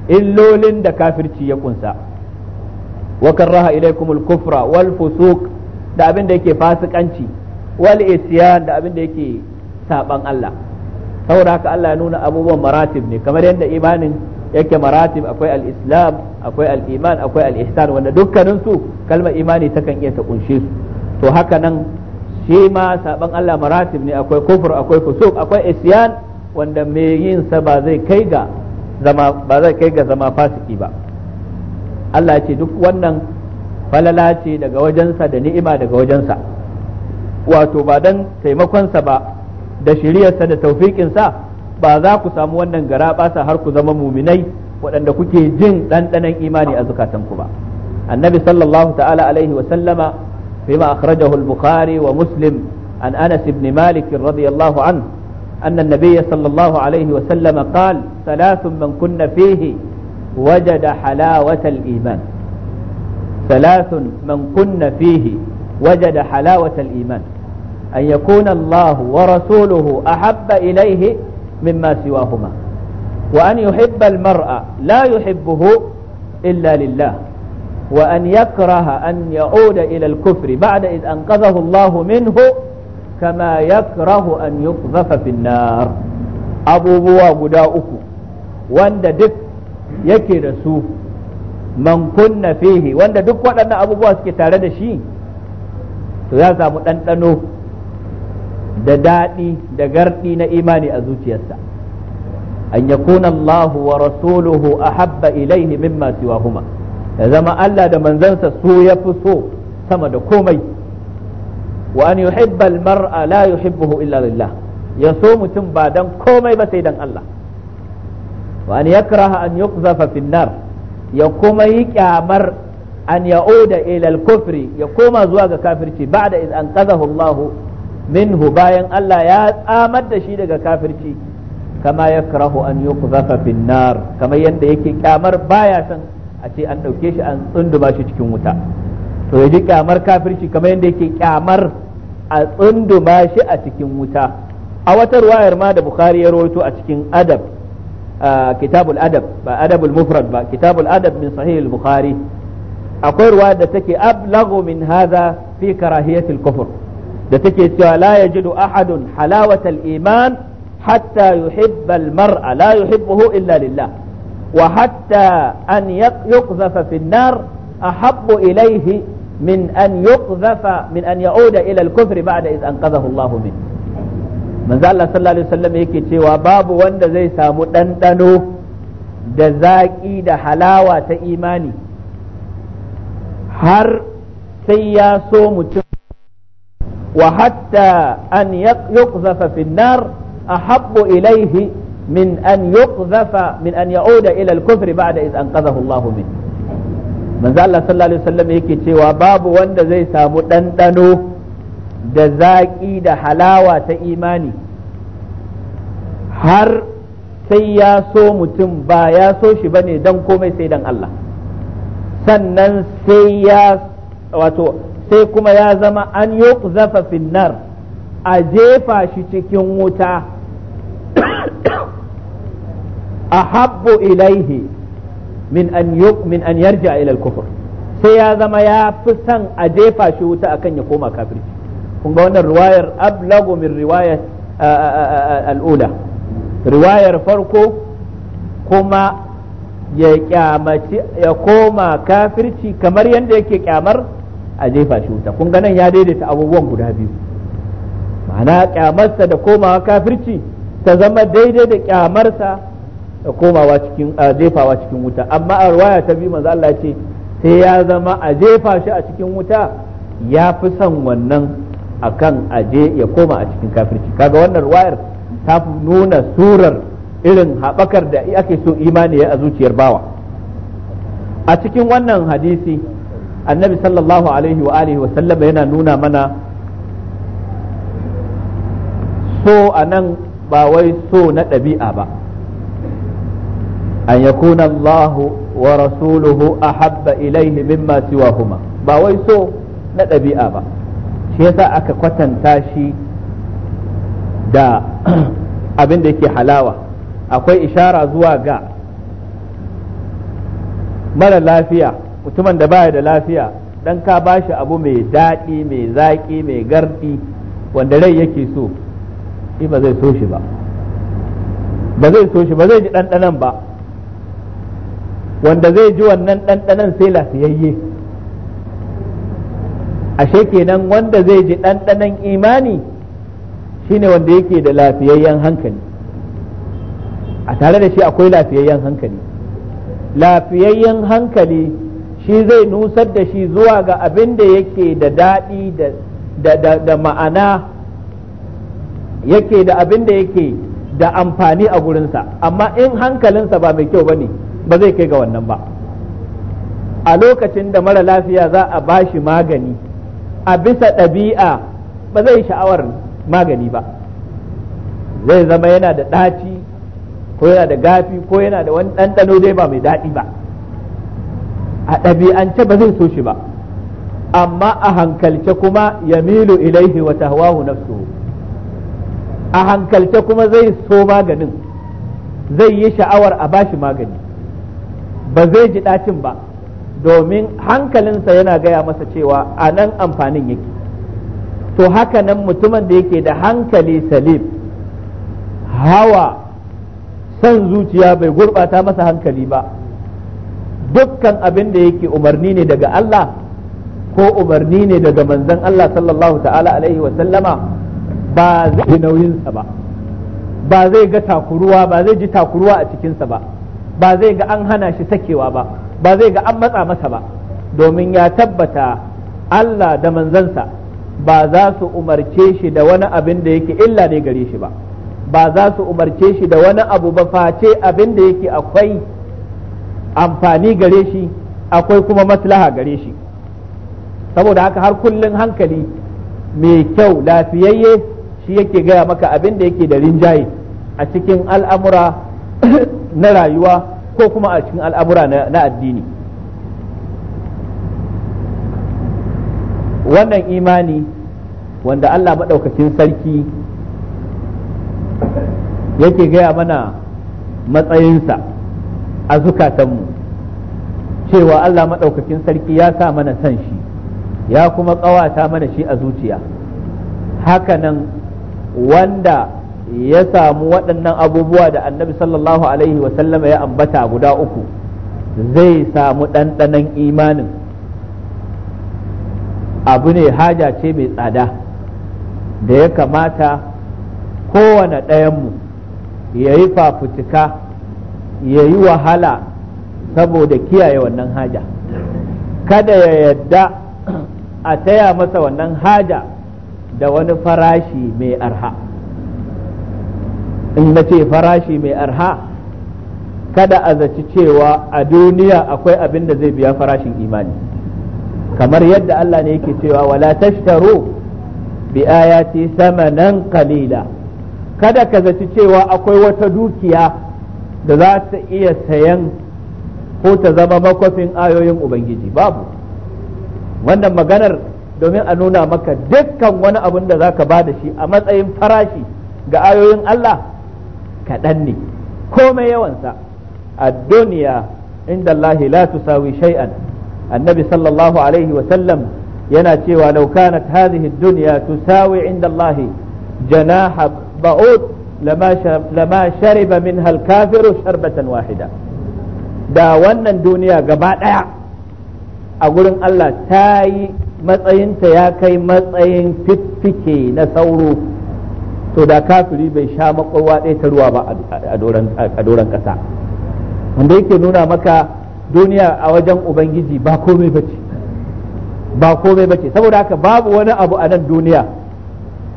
S1: illolin da kafirci ya kunsa wa karraha ilaikumul kufra wal fusuq da abin da yake fasikanci wal isyan da abin da yake saban Allah saboda haka Allah ya nuna abubuwan maratib ne kamar yadda imanin yake maratib akwai al-islam akwai al-iman akwai al-ihsan wanda dukkanin su kalmar imani takan iya ta kunshe su to haka nan shi ma saban Allah maratib ne akwai kufur akwai fusuk akwai isyan wanda mai yin sa ba zai kai ga zama ba zai kai ga zama fasiki ba Allah ce duk wannan falala ce daga wajensa da ni'ima daga wajensa wato ba dan taimakonsa ba da shiriyarsa da taufiƙinsa ba za ku samu wannan gara ɓasa har ku zama muminai waɗanda kuke jin ɗanɗanon imani a zukatanku ba annabi sallallahu ta'ala alaihi wa sallama فيما أخرجه البخاري ومسلم عن أنس بن مالك رضي الله عنه أن النبي صلى الله عليه وسلم قال ثلاث من كن فيه وجد حلاوة الإيمان ثلاث من كن فيه وجد أن يكون الله ورسوله أحب إليه مما سواهما وأن يحب المرأة لا يحبه إلا لله وأن يكره أن يعود إلى الكفر بعد إذ أنقذه الله منه كما يكره أن يقذف في النار أبو بوا قداؤك وأن دك يكي رسوه من كن فيه واند duk waɗannan أبو بوا tare da تو يا ya da daɗi da garɗi na imani a zuciyarsa an ya Allah wa rasuluhu ahabba ilaihi mimma huma ya zama Allah da manzansa su ya fi so sama da komai wa an yuhibba mara la yuhibbuhu illa lillah ya so mutum ba dan komai ba sai dan Allah wa an yakraha an yuqzafa fi nar ya kuma yi kyamar an ya'uda ila al-kufri ya koma zuwa ga kafirci ba'da iz anqadhahu Allah minhu bayan Allah ya tsamar da shi daga kafirci kama ya karahu an yi kuzafa finnar kamar yadda yake kyamar baya son a ce an ɗauke shi an tsunduma shi cikin wuta to ya ji kyamar kafirci kamar yadda yake kyamar a tsunduma shi a cikin wuta a wata ruwayar ma da bukhari ya rawaito a cikin adab kitabul adab ba adabul mufrad ba kitabul adab min sahih al-bukhari akwai ruwa da take ablagu min hadha fi karahiyatil kufr da take cewa la yajidu ahadun halawatal iman hatta yuhibba almar'a la yuhibbuhu illa lillah wa hatta an yuqzafa fi an-nar ahabbu ilayhi min an yuqzafa min an ya'uda ila al-kufr ba'da iz anqadhahu Allah min manzo Allah sallallahu alaihi wasallam yake cewa babu wanda zai samu dandano da zaƙi da halawa ta imani har sai ya so mutum وحتى أن يقذف في النار أحب إليه من أن يقذف من أن يعود إلى الكفر بعد إذ أنقذه الله منه من ذا الله صلى الله عليه وسلم يكي cewa babu wanda zai samu ɗanɗano da zaƙi da halawa ta imani har sai ya so mutum ba ya so shi ba ne don komai sai Allah sannan sai ya wato sai kuma ya zama an zafa finnar a jefa shi cikin wuta
S3: (coughs)
S1: a ilaihi min an min an yarja ila ilal sai ya zama ya fi son a jefa shi wuta akan ya koma kafirci kun ga wannan riwayar ablagu min riwayar al'ula riwayar farko kuma ya kyamaci ya koma kafirci kamar yadda yake kyamar a jefa shi wuta kun ganin ya daidaita abubuwan guda biyu ma'ana kyamarsa da komawa kafirci ta zama daidai da kyamarsa da komawa cikin jefawa cikin wuta amma a ruwaya ta biyu manzo Allah ce sai ya zama a jefa shi a cikin wuta ya fi son wannan akan aje ya koma a cikin kafirci kaga wannan ruwayar ta nuna surar irin haɓakar da ake so imani ya a zuciyar bawa a cikin wannan hadisi annabi sallallahu alaihi wa alihi wa yana nuna mana so a nan ba wai so na ɗabi'a ba an yakuna Allahu wa rasuluhu ahabba ilaihi mimma siwahuma ba wai so na ɗabi'a ba shi yasa aka kwatanta shi da (clears throat) abin da yake halawa akwai ishara zuwa ga mara lafiya mutumin da baya da lafiya dan ka ba shi abu mai daɗi mai zaƙi mai garɗi wanda rai yake so shi ba zai so shi ba ba zai so shi ba zai ji ɗanɗanan ba wanda zai ji wannan ɗanɗanan sai lafiyayye ashe kenan wanda zai ji ɗanɗanan imani shine wanda yake da lafiyayyen hankali a tare da shi akwai lafiyayyen hankali lafiyayyen hankali shi zai nusar da shi zuwa ga abin da yake da daɗi da ma'ana yake da abin da yake da amfani a gurinsa amma in hankalinsa ba mai kyau ba ne ba zai kai ga wannan ba a lokacin da mara lafiya za a ba shi magani a bisa ɗabi'a ba zai sha'awar magani ba zai zama yana da ɗaci ko yana da gafi ko yana da wani ɗanɗano dai ba mai daɗi ba a ɗabi'ance ba zai so shi ba amma a hankalce kuma ya milu ilaihi wa tahwahu nafsu a hankalce kuma zai so maganin zai yi sha'awar a bashi magani ba zai ji ɗacin ba domin hankalinsa yana gaya masa cewa a nan amfanin yake to haka nan mutumin da yake da hankali salim hawa son zuciya bai gurɓata masa hankali ba dukkan abin da yake umarni ne daga Allah ko umarni ne daga manzon Allah sallallahu ta'ala alaihi sallama ba zai ji nauyinsa ba ba zai ga takuruwa ba zai ji takuruwa a cikinsa ba ba zai ga an hana shi sakewa ba ba zai ga an matsa masa ba domin ya tabbata Allah da manzansa ba za su umarce shi da wani abin da yake illa ne gare shi ba ba za su umarce shi da wani abu ba face abin da yake akwai amfani gare shi akwai kuma maslaha gare shi saboda haka har kullun hankali mai kyau lafiyayye shi yake gaya maka abin da yake da rinjaye a cikin al'amura (coughs) na rayuwa ko kuma a cikin al'amura na addini wannan imani wanda Allah maɗaukacin sarki yake gaya mana matsayinsa a zukatanmu cewa Allah maɗaukakin sarki ya sa mana san shi ya kuma ƙawata mana shi a zuciya hakanan wanda ya samu waɗannan abubuwa da annabi sallallahu alaihi wasallama ya ambata guda uku zai samu ɗanɗanon imanin abu ne haja ce mai tsada da ya kamata kowane ɗayanmu ya yi fafutuka ya yi wahala saboda kiyaye wannan haja kada ya yadda a taya masa wannan haja da wani farashi mai arha in na ce farashi mai arha kada a zaci cewa a duniya akwai abin da zai biya farashin imani kamar yadda Allah ne yake cewa wala tashtaru bi ayati samanan qalila kada ka zaci cewa akwai wata dukiya da za ta iya sayan ko ta zama makwafin ayoyin ubangiji babu wannan maganar domin a nuna maka dukkan wani abin da za ka ba da shi a matsayin farashi ga ayoyin Allah kaɗan ne komai yawansa a duniya inda Allah la tusawi shay'an annabi sallallahu alaihi wasallam yana cewa kanat hadhihi duniya tusawi inda Allah janaha ba'ud lama shariba min halkafiru sharbatan wahida da wannan duniya gaba ɗaya a gurin Allah ta yi matsayinta ya kai matsayin fiffike na sauro to da kafiri bai sha makwarwa ta ruwa ba a doron ƙasa wanda yake nuna maka duniya a wajen ubangiji ba komai bace ba komai bace saboda haka babu wani abu a nan duniya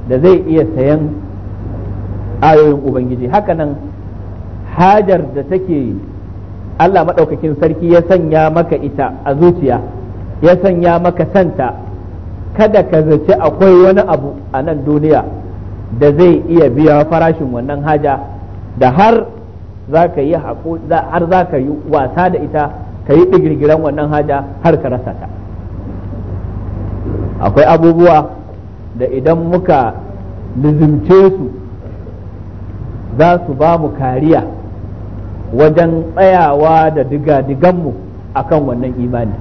S1: da zai iya sayan ayoyin ubangiji hakanan hajar da take Allah maɗaukakin sarki ya sanya maka ita a zuciya ya sanya maka santa kada ka zaci akwai wani abu a nan duniya da zai iya biya farashin wannan haja da har za ka yi wasa da ita ka yi digirgiran wannan haja har ka rasa ta akwai abubuwa da idan muka nizimce su za su ba mu kariya wajen tsayawa da diga-diganmu a kan wannan imani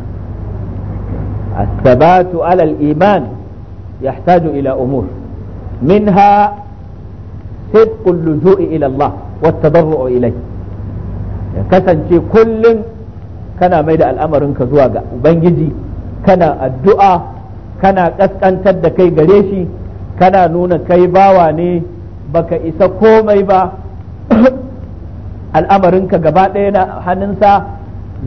S1: asabatu alal iman yahtaju ila umur minha sidqul luju'i ila Allah wattadarru'u ilai. ya kasance kullum kana mai da al'amarinka zuwa ga ubangiji kana addu'a kana ƙasƙantar da kai gare shi kana nuna kai bawa ne baka isa komai ba al'amarinka gaba ɗaya na hannunsa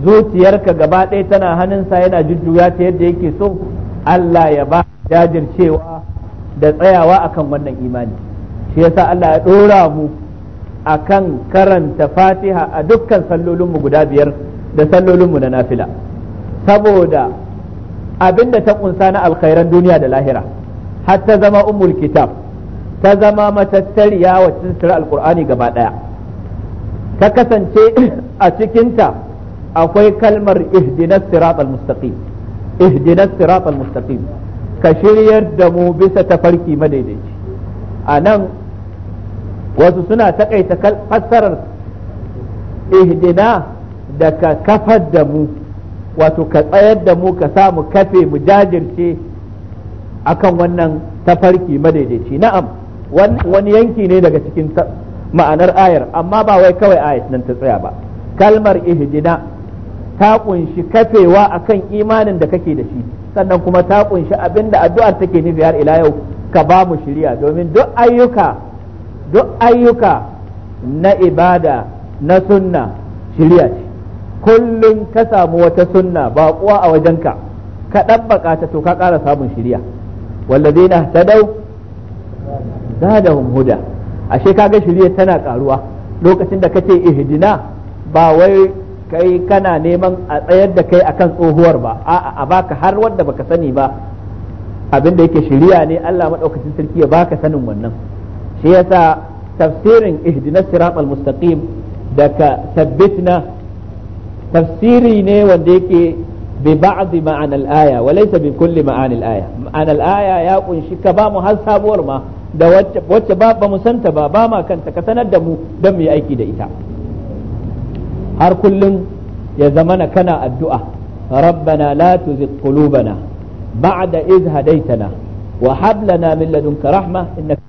S1: zuciyarka gaba ɗaya tana hannunsa yana jujjuya ta yadda yake so Allah ya ba jajircewa da tsayawa akan wannan imani shi yasa Allah ya ɗora mu akan karanta fatiha a dukkan sallolinmu guda biyar da sallolinmu na nafila saboda abinda ta kunsa na alkhairan duniya da lahira har ta zama umul kitab ta zama matattariya wa tattara alkur'ani gaba ɗaya, ta kasance (clears throat) a cikinta akwai kalmar ihdinas siratal mustaqim ihdinas siratal mustaqim ka shiryar da mu bisa tafarki madaidaici a nan wasu suna takaita fassarar ihdina da ka kafar da mu wato ka tsayar da mu ka samu kafe mu jajirce akan wannan tafarki madaidaici na'am wani yanki ne daga cikin ma'anar ayar amma ba wai kawai ayat nan ta tsaya ba kalmar ihdina ta kunshi kafewa akan imanin da kake da shi sannan kuma ta kunshi abinda addu'ar take nufi har ila yau ka ba mu shiriya domin duk ayyuka duk ayyuka na ibada na sunna shiriya ce kullum ka samu wata sunna ba kuwa a wajenka ka ɗabbaka ta to ka kara samun shiriya walladina tadau zadahum huda ashe kaga shirye tana karuwa lokacin da kace ihdina ba wai kai kana neman a tsayar da kai akan tsohuwar ba a'a a baka har wanda baka sani ba abinda yake shiriya ne Allah madaukakin sarki ya baka sanin wannan shi yasa tafsirin ihdinas siratal mustaqim daga tabbitna tafsiri ne wanda yake bi ba'd ma'an al-aya wa laysa bi kulli ma'an al-aya ma'an al-aya ya kunshi ka ba mu har sabuwar ma da wacce ba ba mu santa ba ba ma kanta ka sanar da mu don mu yi aiki da ita har kullum ya zamana kana addu'a rabbana la tuzigh qulubana ba'da idh hadaytana wa hab lana min ladunka rahma innaka